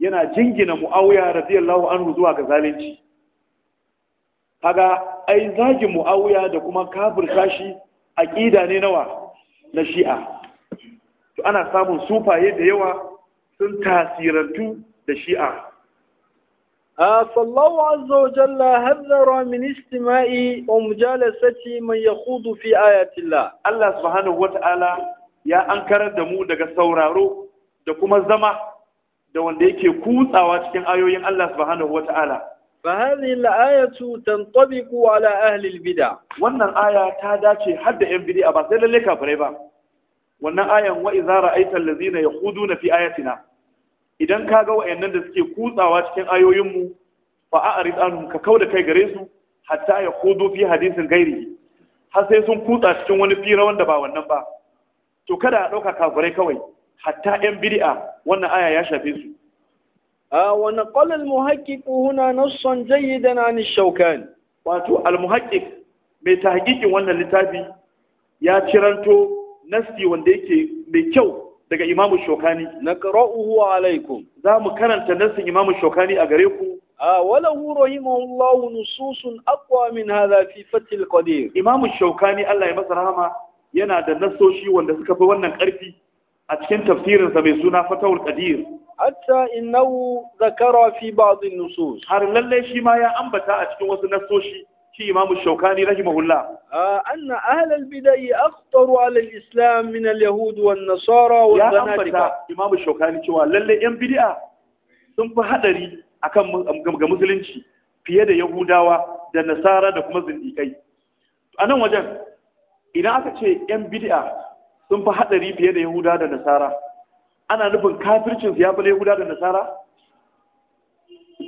yana jingina mu'awiya radiyallahu anhu zuwa ga zalunci kaga ai zagin mu'awiya da kuma kafirta shi aqida ne nawa na shi'a to ana samun sufaye da yawa sun tasirantu da shi'a فالله عز وجل هذر من Yahudu ومجالسة من يخوض في آيات الله الله سبحانه وتعالى يا أنكر mu دقى sauraro. da kuma zama da wanda yake kutsawa cikin ayoyin Allah subhanahu wata'ala fa hadhihi al-ayatu tantabiqu ala ahli al-bid'a wannan aya ta dace har da yan bid'a ba sai lalle kafirai ba wannan ayan wa idza ra'aita allazina na fi ayatina idan ka ga wayannan da suke kutsawa cikin ayoyin mu fa a'rid anhum ka kauda kai gare su hatta ya yakhudu fi hadisin gairi har sai sun kutsa cikin wani fira wanda ba wannan ba to kada a ɗauka kafirai kawai hatta yan bid'a wannan aya ya shafe su Wannan naqala al-muhaqqiq huna nassan jayyidan an ash-shawkan wato al-muhaqqiq mai tahqiqin wannan littafi ya ciranto nasti wanda yake mai kyau daga imamu shokani na qara'uhu alaikum za mu karanta nassin imamu shokani a gare ku A walahu rahimahullahu nususun aqwa min hadha fi fatil qadir imamu shokani Allah ya masa rahama yana da nasoshi wanda suka fi wannan karfi a cikin tafsirinsa mai suna fatawul qadir hatta innahu zakara fi ba'd an-nusus har lalle shi ma ya ambata a cikin wasu nasoshi shi imamu shaukani rahimahullah anna ahl al-bidai akhtaru ala al-islam min al-yahud wa an-nasara wa al ambata imamu shaukani cewa lalle yan bid'a sun fi hadari akan ga musulunci fiye da yahudawa da nasara da kuma zindikai a nan wajen idan aka ce yan bid'a sun fi haɗari fiye da yahuda da nasara ana nufin kafircin su ya fi yahuda da nasara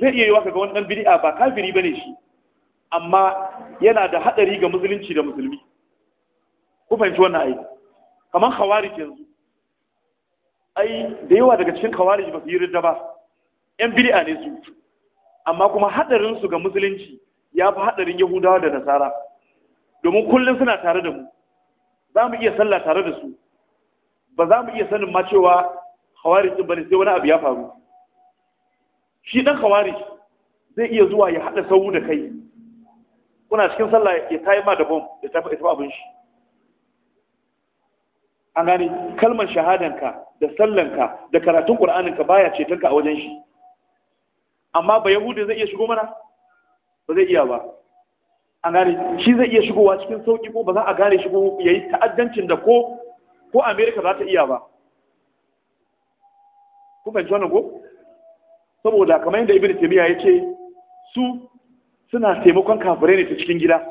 zai iya yi waka ga wani ɗan bid'a ba kafiri ba ne shi amma yana da haɗari ga musulunci da musulmi ku fahimci wannan aiki kamar khawarij yanzu ai da yawa daga cikin khawarij ba su yi ridda ba yan bid'a ne su amma kuma haɗarinsu ga musulunci ya fi haɗarin yahudawa da nasara domin kullum suna tare da mu za mu iya sallah tare da su ba za mu iya sanin ma cewa khawarij din bane sai wani abu ya faru shi dan khawarij zai iya zuwa ya hada sawu da kai kuna cikin sallah ya tayi ma da bom ya tafi ita abin shi an gane kalmar shahadanka da sallanka da karatun qur'aninka baya cetonka a wajen shi amma ba yahudi zai iya shigo mana ba zai iya ba a gane shi zai iya shigowa cikin sauƙi ko ba za a gane shigo ya yi ta'addancin da ko ko amerika za ta iya ba Kuma fahimci wani ko saboda kamar yadda ibn taymiya ya ce su suna taimakon kafirai ne ta cikin gida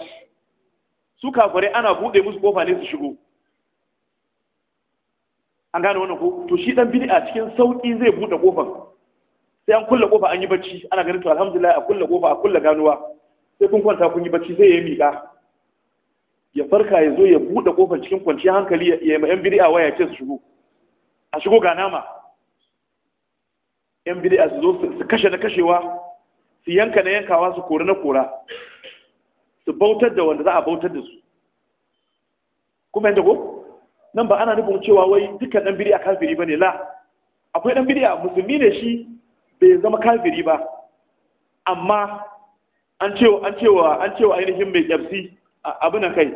su kafirai ana buɗe musu kofa ne su shigo an gane wani ko to shi dan bid'a cikin sauƙi zai buɗe kofar sai an kulle kofa an yi bacci ana ganin to alhamdulillah a kulle kofa a kulle ganuwa sai kun kwanta kun yi bacci zai yi miƙa ya farka ya zo ya buɗe ƙofar cikin kwanciyar hankali ya yi yan bid'a waya ce su shigo a shigo ga nama yan bid'a su zo su kashe na kashewa su yanka na yankawa su kori na kora su bautar da wanda za a bautar da su kuma yanda ko nan ba ana nufin cewa wai dukkan dan bid'a kafiri bane la akwai dan bid'a musulmi ne shi bai zama kafiri ba amma an cewa an cewa an cewa ainihin mai abu abin kai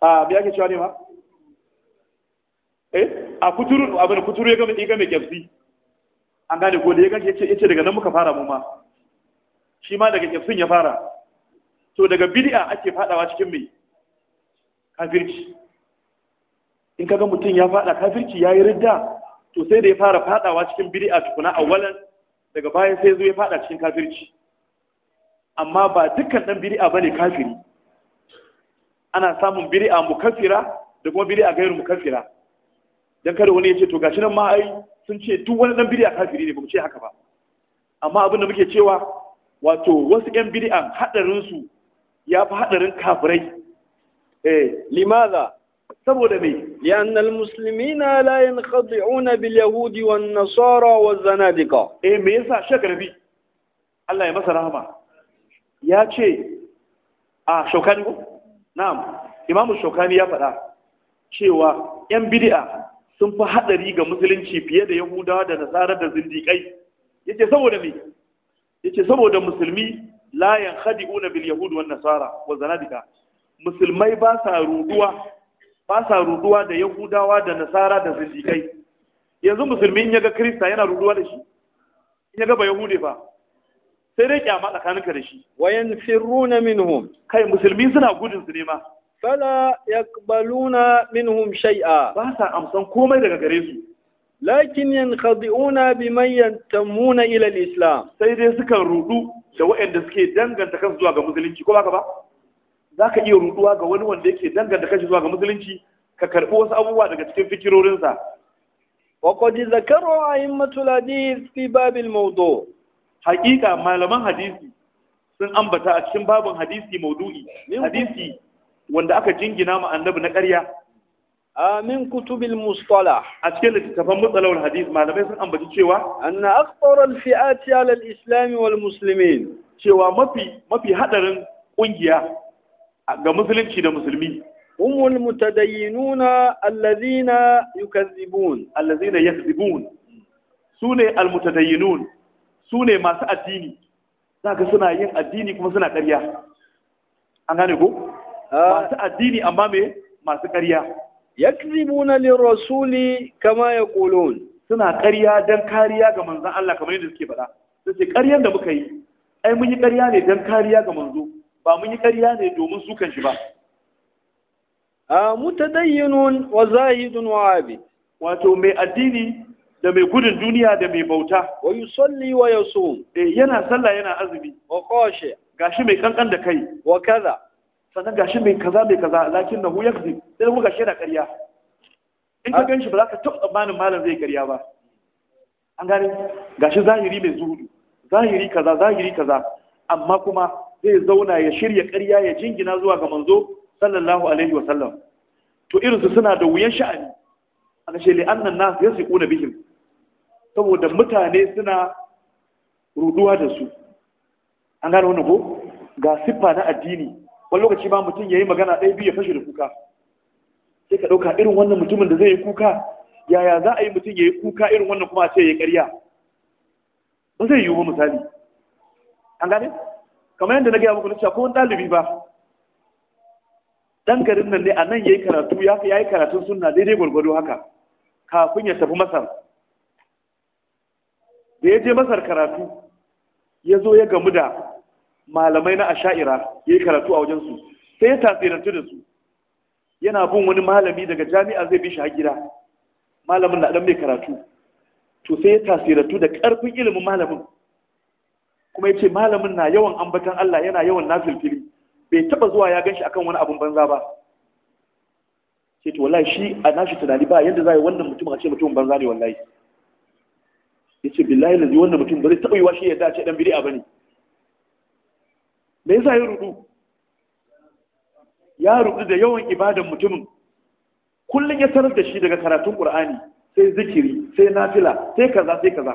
a biya ke cewa ne ma eh a kuturu abin kuturu ya ga mai ga an gane ko da ya ganke yace ce daga nan muka fara mu ma shi ma daga kyafsin ya fara to daga bid'a ake fadawa cikin mai kafirci in kaga mutum ya fada kafirci yi ridda to sai da ya fara fadawa cikin bid'a tukuna awwalan daga baya sai zo ya fada cikin kafirci amma ba dukkan dan bid'a bane kafiri ana samun bid'a mukafira da kuma bid'a gayar mukafira Don kada wani ya ce to gashi nan ma ai sun ce duk wani dan biri'a kafiri ne ba mu ce haka ba amma abin da muke cewa wato wasu yan bid'a hadarin su ya fi hadarin kafirai eh limaza saboda me lian almuslimina la yanqadi'una bil yahudi wan nasara waz zanadiqa eh me yasa shagarbi Allah ya masa rahama ya ce a ah, shokani ko na'am imamu shokani ya faɗa cewa yan bid'a sun fi haɗari ga musulunci fiye da yahudawa da nasarar da zindiƙai yace saboda me yace saboda musulmi la yankhadi'una bil yahud wan nasara wa zanadika musulmai ba sa ruduwa ba sa ruduwa da yahudawa da nasara da zindikai yanzu musulmi in yaga krista yana ruduwa da shi in yaga ba yahude ba sai dai kyama tsakaninka da shi wayan firruna minhum kai musulmi suna gudun su ne ma fala yaqbaluna minhum shay'a ba sa amsan komai daga gare su lakin yankhadi'una biman yantamuna ila al-islam sai dai suka rudu da waɗanda suke danganta kansu zuwa ga musulunci ko baka ba zaka iya ruduwa ga wani wanda yake danganta kanshi zuwa ga musulunci ka karbi wasu abubuwa daga cikin fikirorinsa وقد a أئمة الحديث fi babil mawdu. hakika malaman hadisi sun ambata a cikin babin hadisi maudu'i hadisi wanda aka jingina ma annabi na ƙarya Amin kutubil mustalah a cikin littattafan matsalawar hadisi, malamai sun ambaci cewa anna akhtar al fi'ati ala al islam wal muslimin cewa mafi mafi hadarin kungiya ga musulunci da musulmi هم المتدينون الذين يكذبون الذين يكذبون سنة المتدينون su ne masu addini za ka suna yin addini kuma suna ƙarya an gane ko ah. masu addini amma me masu ƙarya na lirrasuli kama ya kolon suna ƙarya don kariya ga manzan Allah kamar yadda suke faɗa ce ƙaryar da muka yi ai mun yi ƙarya ne don kariya ga manzo ba mun yi ƙarya ne domin kan shi ba a ah, mutadayyinun wa zahidun wa abi wato mai addini da mai gudun duniya da mai bauta wa yusalli wa yasum eh yana sallah yana azumi wa qashi gashi mai kankan da kai wa kaza sannan gashi mai kaza mai kaza lakin nahu yakzi sai kuma gashi yana ƙarya in ka ah. ganshi ba za ka taɓa tsammanin malam zai ƙarya ba an gane gashi zahiri mai zuhudu zahiri kaza zahiri kaza amma kuma zai zauna ya shirya ƙarya ya jingina zuwa ga manzo sallallahu alaihi wa sallam to irinsu suna da wuyan sha'ani aka ce li'annan nas yasiquna bihim saboda mutane suna ruduwa da su an gano wani ko ga siffa na addini wani lokaci ba mutum ya yi magana ɗaya biyu ya fashe da kuka sai ka ɗauka irin wannan mutumin da zai yi kuka yaya za a yi mutum ya yi kuka irin wannan kuma a ce ya yi ƙarya ba zai yiwu ba misali an gane kamar yadda na gaya muku na cewa wani ɗalibi ba ɗan garin nan ne a nan ya yi karatu ya yi karatun sunna daidai gwargwado haka kafin ya tafi masar da ya je masar karatu ya zo ya gamu da malamai na asha'ira ya yi karatu a wajensu sai ya tasirantu da su yana bin wani malami daga jami'a zai bi shi a gida malamin na dan mai karatu to sai ya tasirantu da karfin ilimin malamin kuma ya ce malamin na yawan ambatan Allah yana yawan nafilfili bai taba zuwa ya gan shi akan wani abun banza ba sai to wallahi shi a nashi tunani ba yadda za yi wannan mutum a ce mutum banza ne wallahi ya ce billahi lazi wannan mutum ba zai taɓa yiwa shi ya dace ɗan bid'a ba ne me yasa ya rudu ya rudu da yawan ibadan mutumin kullum ya sanar da shi daga karatun ƙur'ani sai zikiri sai nafila sai kaza sai kaza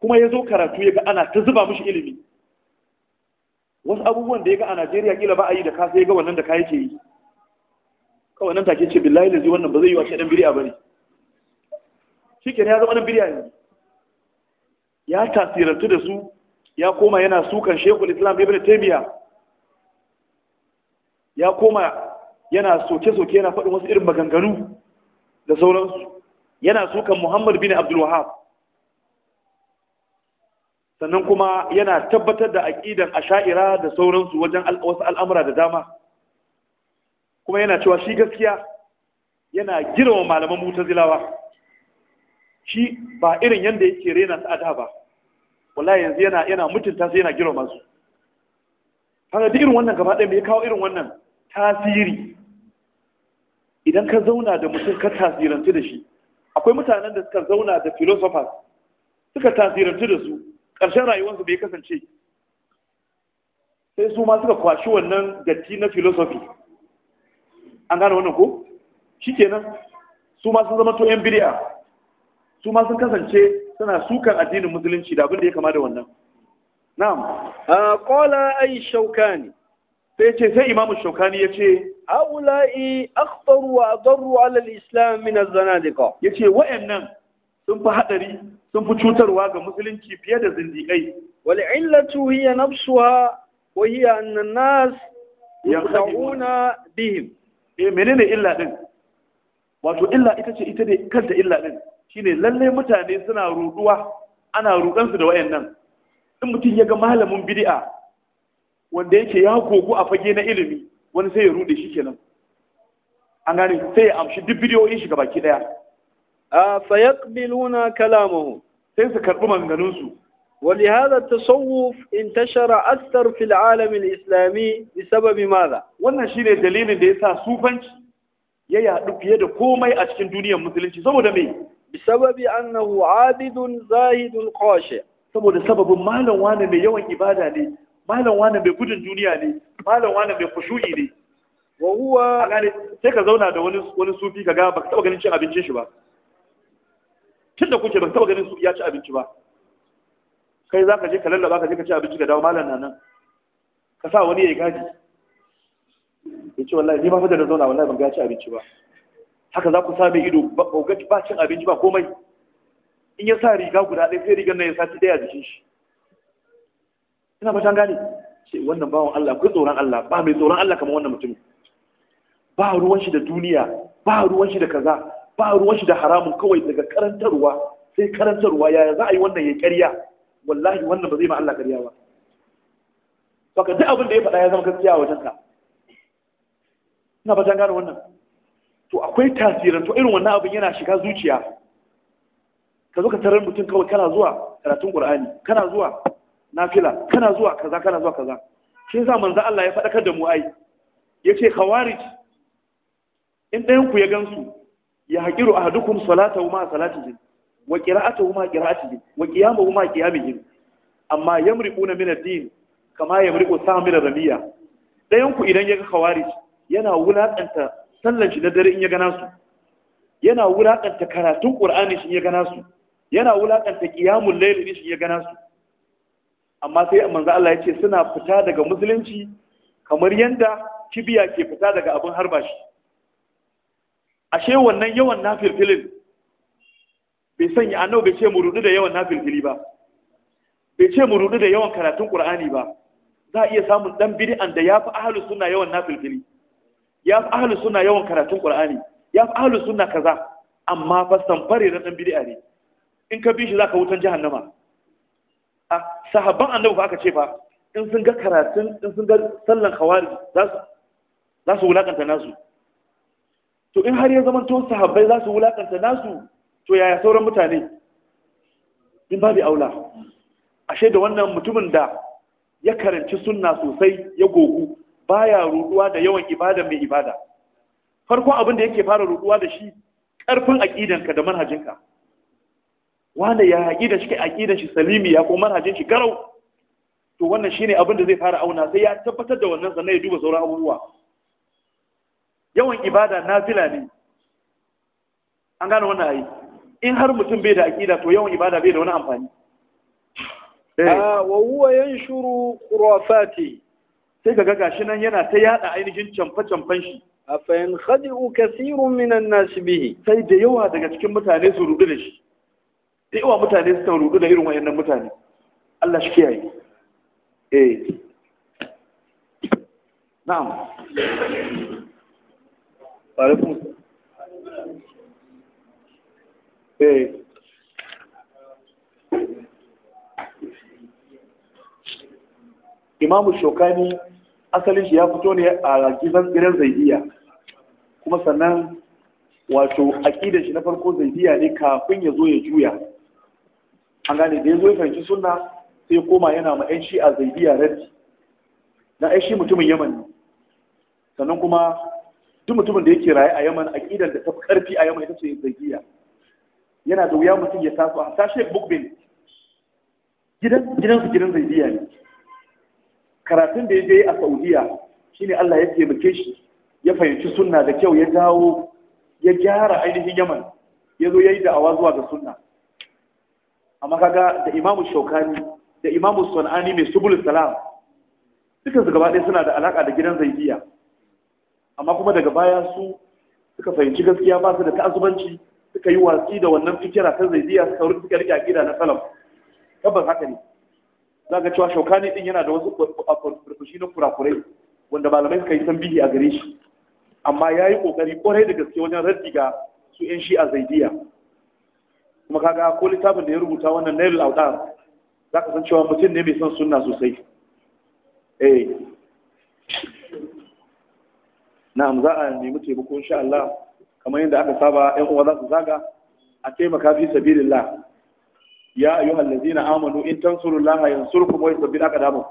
kuma ya zo karatu ya ga ana ta zuba mishi ilimi wasu abubuwan da ya ga a najeriya kila ba a yi da ka sai ga wannan da ka yake yi kawai nan take ce billahi lazi wannan ba zai yi wa shi ɗan bid'a ba ne shi ya zama ɗan bid'a yanzu ya tasirantu da su ya koma yana sukan shekul islam ibn taimiya ya koma yana soke-soke yana faɗin wasu irin maganganu da sauransu yana sukan muhammad bin abdulwahab sannan kuma yana tabbatar da aƙidan asha'ira da sauransu wajen wasu al'amura da dama kuma yana cewa shi gaskiya yana girma malaman mutazilawa shi ba irin yadda yake rena su a ba wallahi yanzu yana yana mutunta su yana girma su kaga duk irin wannan gaba ɗaya me ya kawo irin wannan tasiri idan ka zauna da mutum ka tasirantu da shi akwai mutanen da suka zauna da philosophers suka tasirantu da su ƙarshen rayuwarsu bai kasance sai su ma suka kwashi wannan datti na philosophy an gane wannan ko shikenan su ma sun zama to yan bidiya su ma sun kasance suna sukan addinin musulunci da abin da ya kama da wannan na'am ƙola ay shaukani sai ce sai imamu shaukani ya ce haula'i akhtaru wa adarru ala al-islam min az-zanadiqa yace wa'annan sun fi hadari sun fi cutarwa ga musulunci fiye da zindiƙai wal illatu hiya nafsuha wa hiya anna an-nas yaqauna bihim eh menene illa din wato illa ita ce ita ne kanta illa din shine lalle mutane suna ruduwa ana rudan su da wayannan in mutum ya ga malamin bid'a wanda yake ya kogo a fage na ilimi wani sai ya rude shi kenan an gane sai ya amshi duk bidiyoyin shi gabaki daya a sayaqbiluna kalamuhu sai su karbi manganun su ولهذا التصوف انتشر أكثر في العالم الإسلامي بسبب ماذا؟ wannan shine dalilin da yasa sufanci ya yadu fiye da komai a cikin duniyar musulunci saboda me bisababi annahu abidun zahidun qashi saboda sababin malam wani mai yawan ibada ne malam wani mai gudun duniya ne malam wani mai kushu'i ne wa huwa sai ka zauna da wani sufi ka sufi ba ka taba ganin cin abincin shi ba tunda kuke ka taba ganin sufi ya ci abinci ba kai za ka je ka lallaba ka je ka ci abinci ka dawo malam na nan ka sa wani ya gaji. ya ce wallahi ni ba fa da zauna wallahi ban ga ci abinci ba haka za ku same ido ba cin abinci ba komai in ya sa riga guda ɗaya sai rigar nan ya sati ɗaya a jikin shi ina fatan gane ce wannan bawan Allah kai tsoron Allah ba mai tsoron Allah kamar wannan mutum ba ruwan shi da duniya ba ruwan shi da kaza ba ruwan shi da haramun kawai daga karantarwa sai karantarwa ya za a yi wannan ya ƙarya wallahi wannan ba zai ma Allah ƙarya ba saka duk abin da ya faɗa ya zama gaskiya a wajenka ina fatan gane wannan to akwai tasirin to irin wannan abin yana shiga zuciya ka zo ka tarar mutum kawai kana zuwa karatun qur'ani kana zuwa nafila kana zuwa kaza kana zuwa kaza shi yasa manzo Allah ya faɗakar da mu ai yace khawarij in ɗayan ku ya gansu ya haƙiru ahadukum salatahu ma salatihim wa qira'atuhu ma qira'atihim wa qiyamuhu ma qiyamihim amma yamriquna min ad-din kama yamriqu sahmin ar-ramiya ɗayan ku idan ya ga khawarij yana wulakanta sallan shi na dare in ya gana su yana wulakanta karatun qur'ani shi ya gana su yana wulakanta qiyamul layl shi ya gana su amma sai manzo Allah ya ce suna fita daga musulunci kamar yanda kibiya ke fita daga abin harba shi ashe wannan yawan nafilfilin bai sanya annabi bai ce mu rudu da yawan nafilfili ba bai ce mu rudu da yawan karatun qur'ani ba za a iya samun dan bid'an da yafi ahlus sunna yawan nafilfili ya fi ahalus suna yawan karatun qur'ani ya fi ahalus suna kaza amma fa samfari na dan bid'a ne in ka bi shi zaka wutan jahannama a sahabban annabi fa aka ce fa in sun ga karatun in sun ga sallan khawarij za su za su wulakanta nasu to in har ya zama to sahabbai za su wulakanta nasu to yaya sauran mutane in babu aula ashe da wannan mutumin da ya karanci sunna sosai ya gogu baya ruduwa da yawan ibada mai ibada farko abin da yake fara ruduwa da shi karfin aqidanka da manhajinka wanda ya aqida shi aqidan shi salimi ya ko manhajin shi garau to wannan shine abin da zai fara auna sai ya tabbatar da wannan sannan ya duba sauran abubuwa yawan ibada nafila ne an gane wannan ayi in har mutum bai da aqida to yawan ibada bai da wani amfani ah, wa huwa yanshuru khurafati sai ka ga gashi nan yana ta yada ainihin canfa-canfan shi a fayin khadi'u kasirun minan nasu bihi sai da yawa daga cikin mutane su rudu da shi da yawa mutane su rudu da irin wayannan mutane Allah shi kiyaye eh na'am alaikum eh imamu shokani asalin shi ya fito ne a kisan tsirar zaidiya kuma sannan wato aƙidar shi na farko zaidiya ne kafin ya zo ya juya an gane da ya zo ya fahimci suna sai ya koma yana ma 'yan shi'a zaidiya raddi na 'yan shi mutumin yaman ne sannan kuma duk mutumin da yake raye a yaman aƙidar da ta fi ƙarfi a yaman ita ce zaidiya yana da wuya mutum ya taso a tashe bukbin gidan gidansu gidan zaidiya ne karatun da ya je a saudiya ne Allah ya taimake shi ya fahimci sunna da kyau ya dawo ya gyara ainihin yaman ya zo ya yi da'awa zuwa ga sunna amma kaga da imamu shaukani da imamu sun'ani mai subul salam dukkan su gaba ɗaya suna da alaƙa da gidan zaidiya amma kuma daga baya su suka fahimci gaskiya ba su da ta'azubanci suka yi watsi da wannan fikira ta zaidiya suka rike rike gida na salam tabbas haka ne za ka cewa shaukani din yana da wasu furfushi na kurakurai wanda malamai suka yi tambihi a gare shi amma ya yi ƙoƙari ƙwarai da gaske wajen raddi ga su 'yan shi a zaidiya kuma kaga ko littafin da ya rubuta wannan nail al'adar za ka san cewa mutum ne mai son sunna sosai eh na'am za a nemi taimako insha kamar yadda aka saba 'yan uwa za su zaga a taimaka fi sabilillah ya ayyuhal ladina amanu in tansurullaha yansurkum wa yuthabbit aqdamakum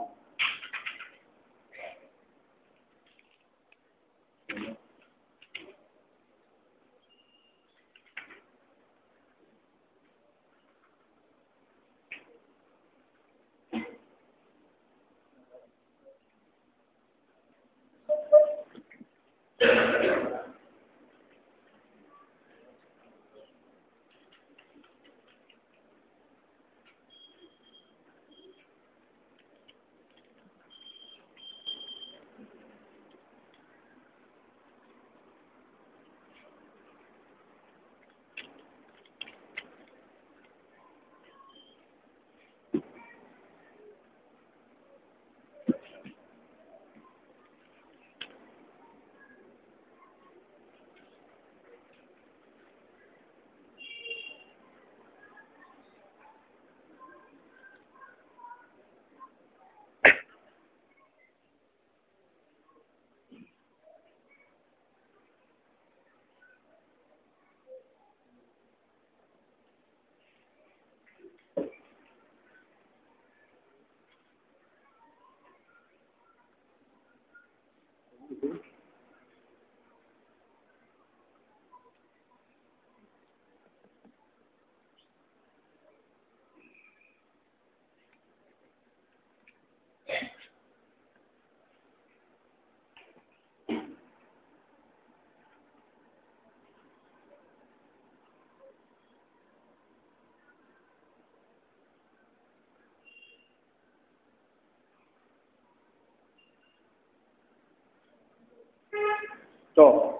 to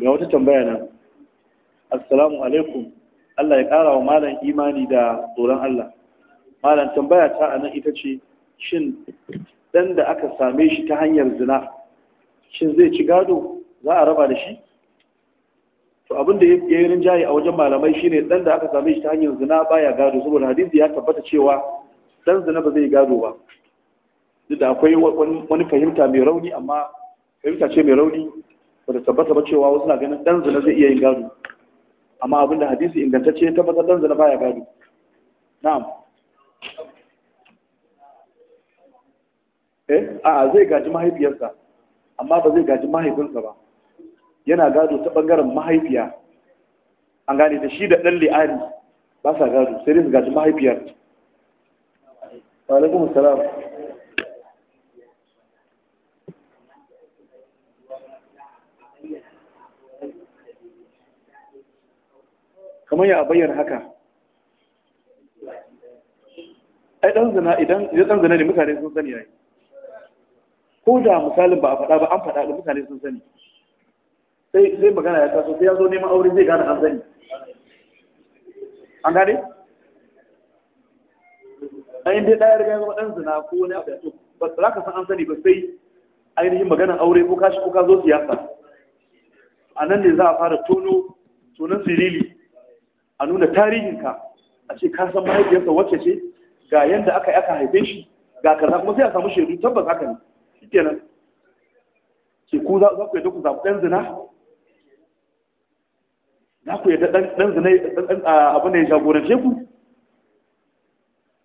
ga wata tambaya nan assalamu alaikum Allah ya ƙara wa malam imani da tsoron Allah malam tambaya ta anan ita ce shin dan da aka same shi ta hanyar zina shin zai ci gado za a raba da shi to abin ya yi rinjaye a wajen malamai shine dan da aka same shi ta hanyar zina baya gado saboda hadisi ya tabbata cewa dan zina ba zai gado ba duk da akwai wani fahimta mai rauni amma fahimta ce mai rauni ba da tabbata ba cewa wasu na ganin dan zina zai iya yin gado amma abinda da hadisi ingantacce ya tabbatar dan zina baya gado na'am eh a zai gaji mahaifiyarsa amma ba zai gaji mahaifinsa ba yana gado ta bangaren mahaifiya an gane da shi da ɗan li'ani ba sa gado sai dai su gaji mahaifiyar wa alaikum assalam kamar ya bayyana haka ai dan zina idan ya dan zina ne mutane sun sani yayi ko da misalin ba a faɗa ba an faɗa ga mutane sun sani sai sai magana ya taso sai ya zo neman aure zai gane an sani an gane Ai inda ɗaya riga ya zama ɗan zina ko wani abu ya to ba za ka san an sani ba sai ainihin maganar aure ko shi ko ka zo siyasa a nan ne za a fara tono tonon sirili a nuna tarihinka a ce ka san mahaifiyarsa wacce ce ga yadda aka yi aka haife shi ga kaza kuma sai a samu shaidu tabbas haka ne nan ce ku za ku yadda ku zaɓi ɗan zina za ku yadda ɗan zina abin da ya jagorance ku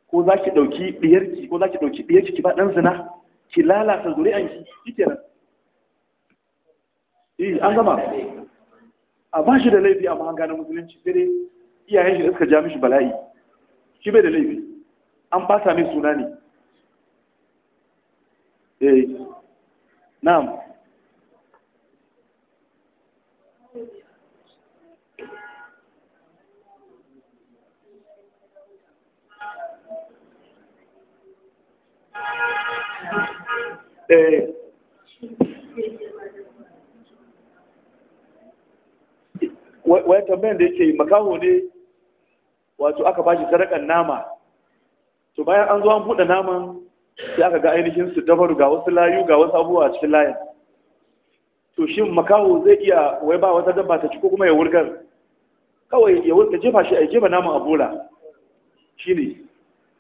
ko za ki ɗauki ɗiyarki ko za ki ɗauki ɗiyarki ki ba ɗan zina ki lalata zuri'anki nan. eh an gama a ba shi da laifi amma an gane musulunci sai dai iyayen shi da suka ja mishi bala'i shi bai da laifi an ba sami suna ne eh na'am eh wai tambayan da yake makaho ne wato aka bashi sadakan nama to bayan an zo an buɗe naman sai aka ga ainihin su dabaru ga wasu layu ga wasu abubuwa a cikin layin to shi makaho zai iya wai ba wata dabba ta ci ko kuma ya wurgar kawai ya wurga jefa shi a jefa naman a bola ne,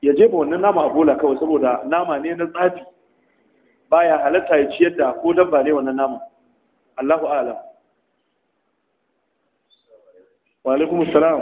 ya jefa wannan naman a bola kawai saboda nama ne na tsafi baya halatta ya ciyar da ko dabba ne wannan naman Allahu a'lam wa alaikumus salam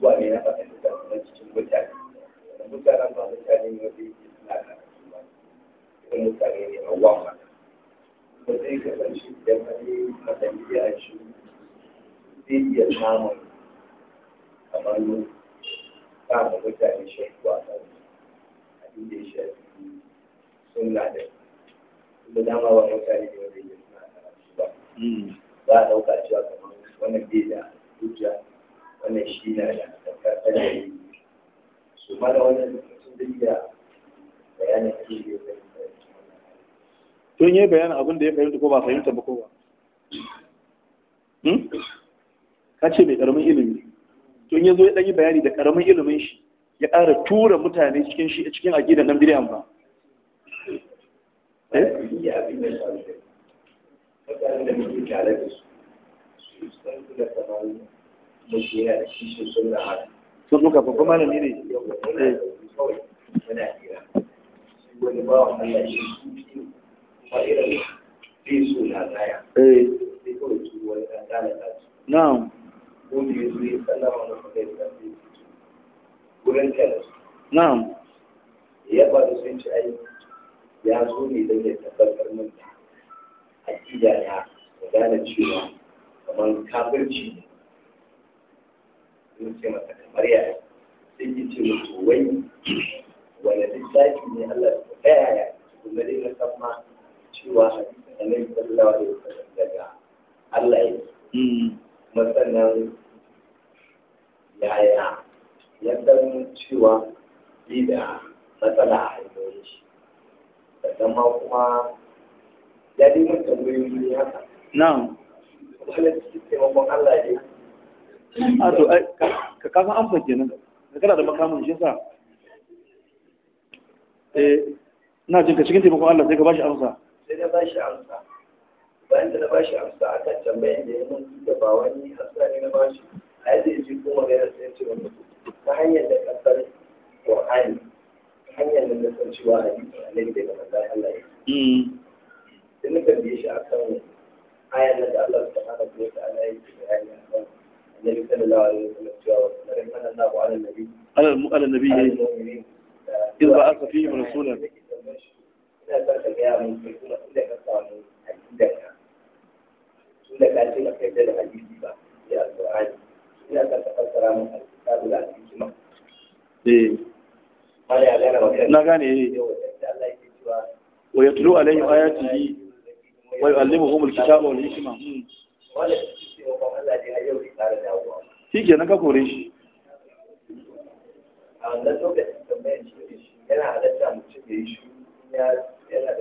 zuwa ne na fata da kuma cikin mutane mutanen ba mutane ne suna mutane ne a ba zai kasance matsayi ya iya samun kamar samun mutane shaikuwa a abin shafi suna da wa mutane ne suna ba ba hmm. a ɗauka cewa kamar wannan bai da hujja wannan shi na da kasa da yi su ma da wannan mutum zai iya bayanin ke yi tun yi bayanin abin da ya fahimta ko ba fahimta ba ko ba hmm? ka ce mai ƙaramin ilimi tun ya zo ya ɗanyi bayani da ƙaramin ilimin shi ya ƙara tura mutane cikin shi cikin aƙidan nan bidiyan ba eh? mutanen da muke tare da su su san da samarin sun duka babban malami ne wani bawan Allah shi kuma irin zai so na tsaya eh sai kawai su wani ɗan ɗan ɗan na'am ko ne ya zo ya tsalla wani kuma ya tsalla wurin kyara su na'am ya ba da sun ci ai ya zo ne don ya tabbatar min da aƙida na gane cewa kamar kafirci ne sun ce masa kamar yaya sai ki ce musu wai wani littafi ne Allah ya ta yaya kuma dai na san cewa hadisin annabi sallallahu alaihi wasallam daga Allah ya hmm. kuma sannan yaya ya san cewa bi da matsala a hanyoyin shi sannan ma kuma ya dai mun tambayoyi haka na'am kuma cikin taimakon Allah ne a to ka kasan amsa kenan da. kana da makamun shi sa eh ina jin ka cikin taimakon Allah sai ka bashi amsa sai ka bashi amsa bayan da na bashi amsa a kan tambayin da ya mun da ba wani amsa ne na bashi a yadda ya ji kuma ga yadda ya ce wani ta hanyar da kasar Qur'ani hanyar da kasar cewa hadisi annabi daga manzon Allah ya hmm. sai na tambaye shi akan ayan da Allah subhanahu wa ta'ala ya yi bayani akan النبي صلى الله عليه وسلم الله على النبي على النبي اذا بعث فيهم رسولا ويتلو عليهم آياته ويعلمهم الكتاب والحكمة shi ke nan ka kore shi a yana yana da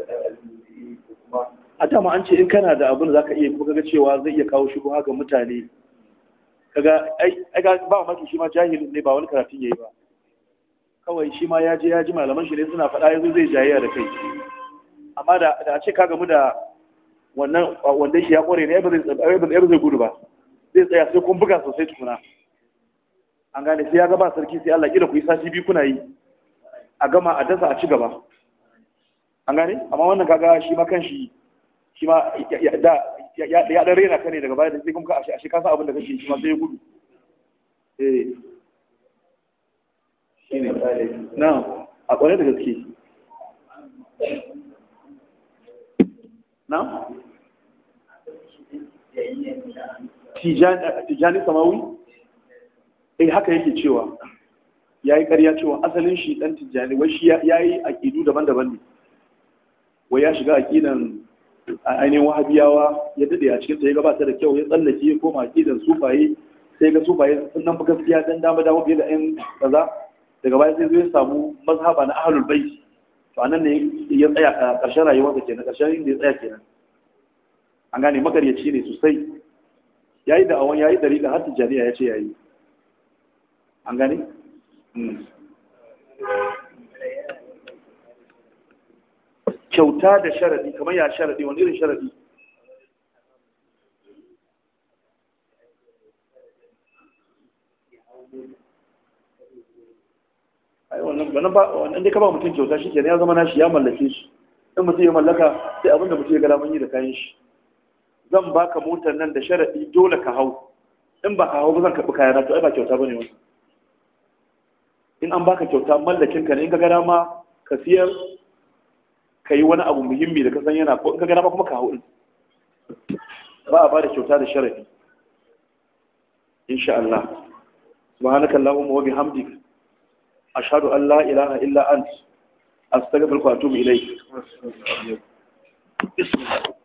ɗan kuma a dama an ce in kana da abin za ka iya kuma kaga cewa zai iya kawo shigo haka mutane kaga ai ba maki shi ma jahilin ne ba wani karatun yayi ba kawai shi ma ya je ya ji malaman shi ne suna faɗa yanzu zai jayayya da kai amma da a ce ka gamu da wannan wanda shi ya kware ne ba zai gudu ba zai tsaya sai kun buga sosai tukuna an gane sai ya gaba sarki sai Allah kila ku yi sashi biyu kuna yi a gama a dasa a ci gaba an gane amma wannan kaga shi ma kan shi shi ma ya ya dan rena kane daga baya da sai kuma a shi kasa abin da kake shi ma sai ya gudu eh shine na a kware da gaske na tijani samawi eh haka yake cewa ya yi ƙarya cewa asalin shi ɗan tijjani wai shi ya yi kidu daban-daban ne wai ya shiga a ainihin wahabiyawa ya dade a cikin ta ya gabata da kyau ya tsallake ya koma aƙidan sufaye sai ga sufaye sun nan fi gaskiya dan dama dama fiye da ƴan kaza daga baya sai zai samu mazhaba na ahlul bait to anan ne ya tsaya a ƙarshen rayuwarsa kenan ƙarshen inda ya tsaya kenan an gane makaryaci ne sosai ya yi da'awan ya yi dari da hatin jariya ya ce ya yi an gane hmm. kyauta da sharadi kamar ya sharadi wani irin sharadi wannan ka ba mutum kyauta shi ne ya zama nashi ya mallake shi in mutum ya mallaka sai abinda mutum ya gara mun yi da kayan shi zan baka motar nan da sharaɗi dole ka hau in ba ka hau ba zan karɓi kayana to ai ba kyauta bane wani in an baka kyauta mallakin ka ne in ka gara ma ka siyar ka yi wani abu muhimmi da ka san yana ko in ka gara ma kuma ka hau din ba a bada kyauta da sharaɗi insha Allah subhanaka allahumma wa bihamdika ashhadu an la ilaha illa an, astaghfiruka wa atubu ilayk بسم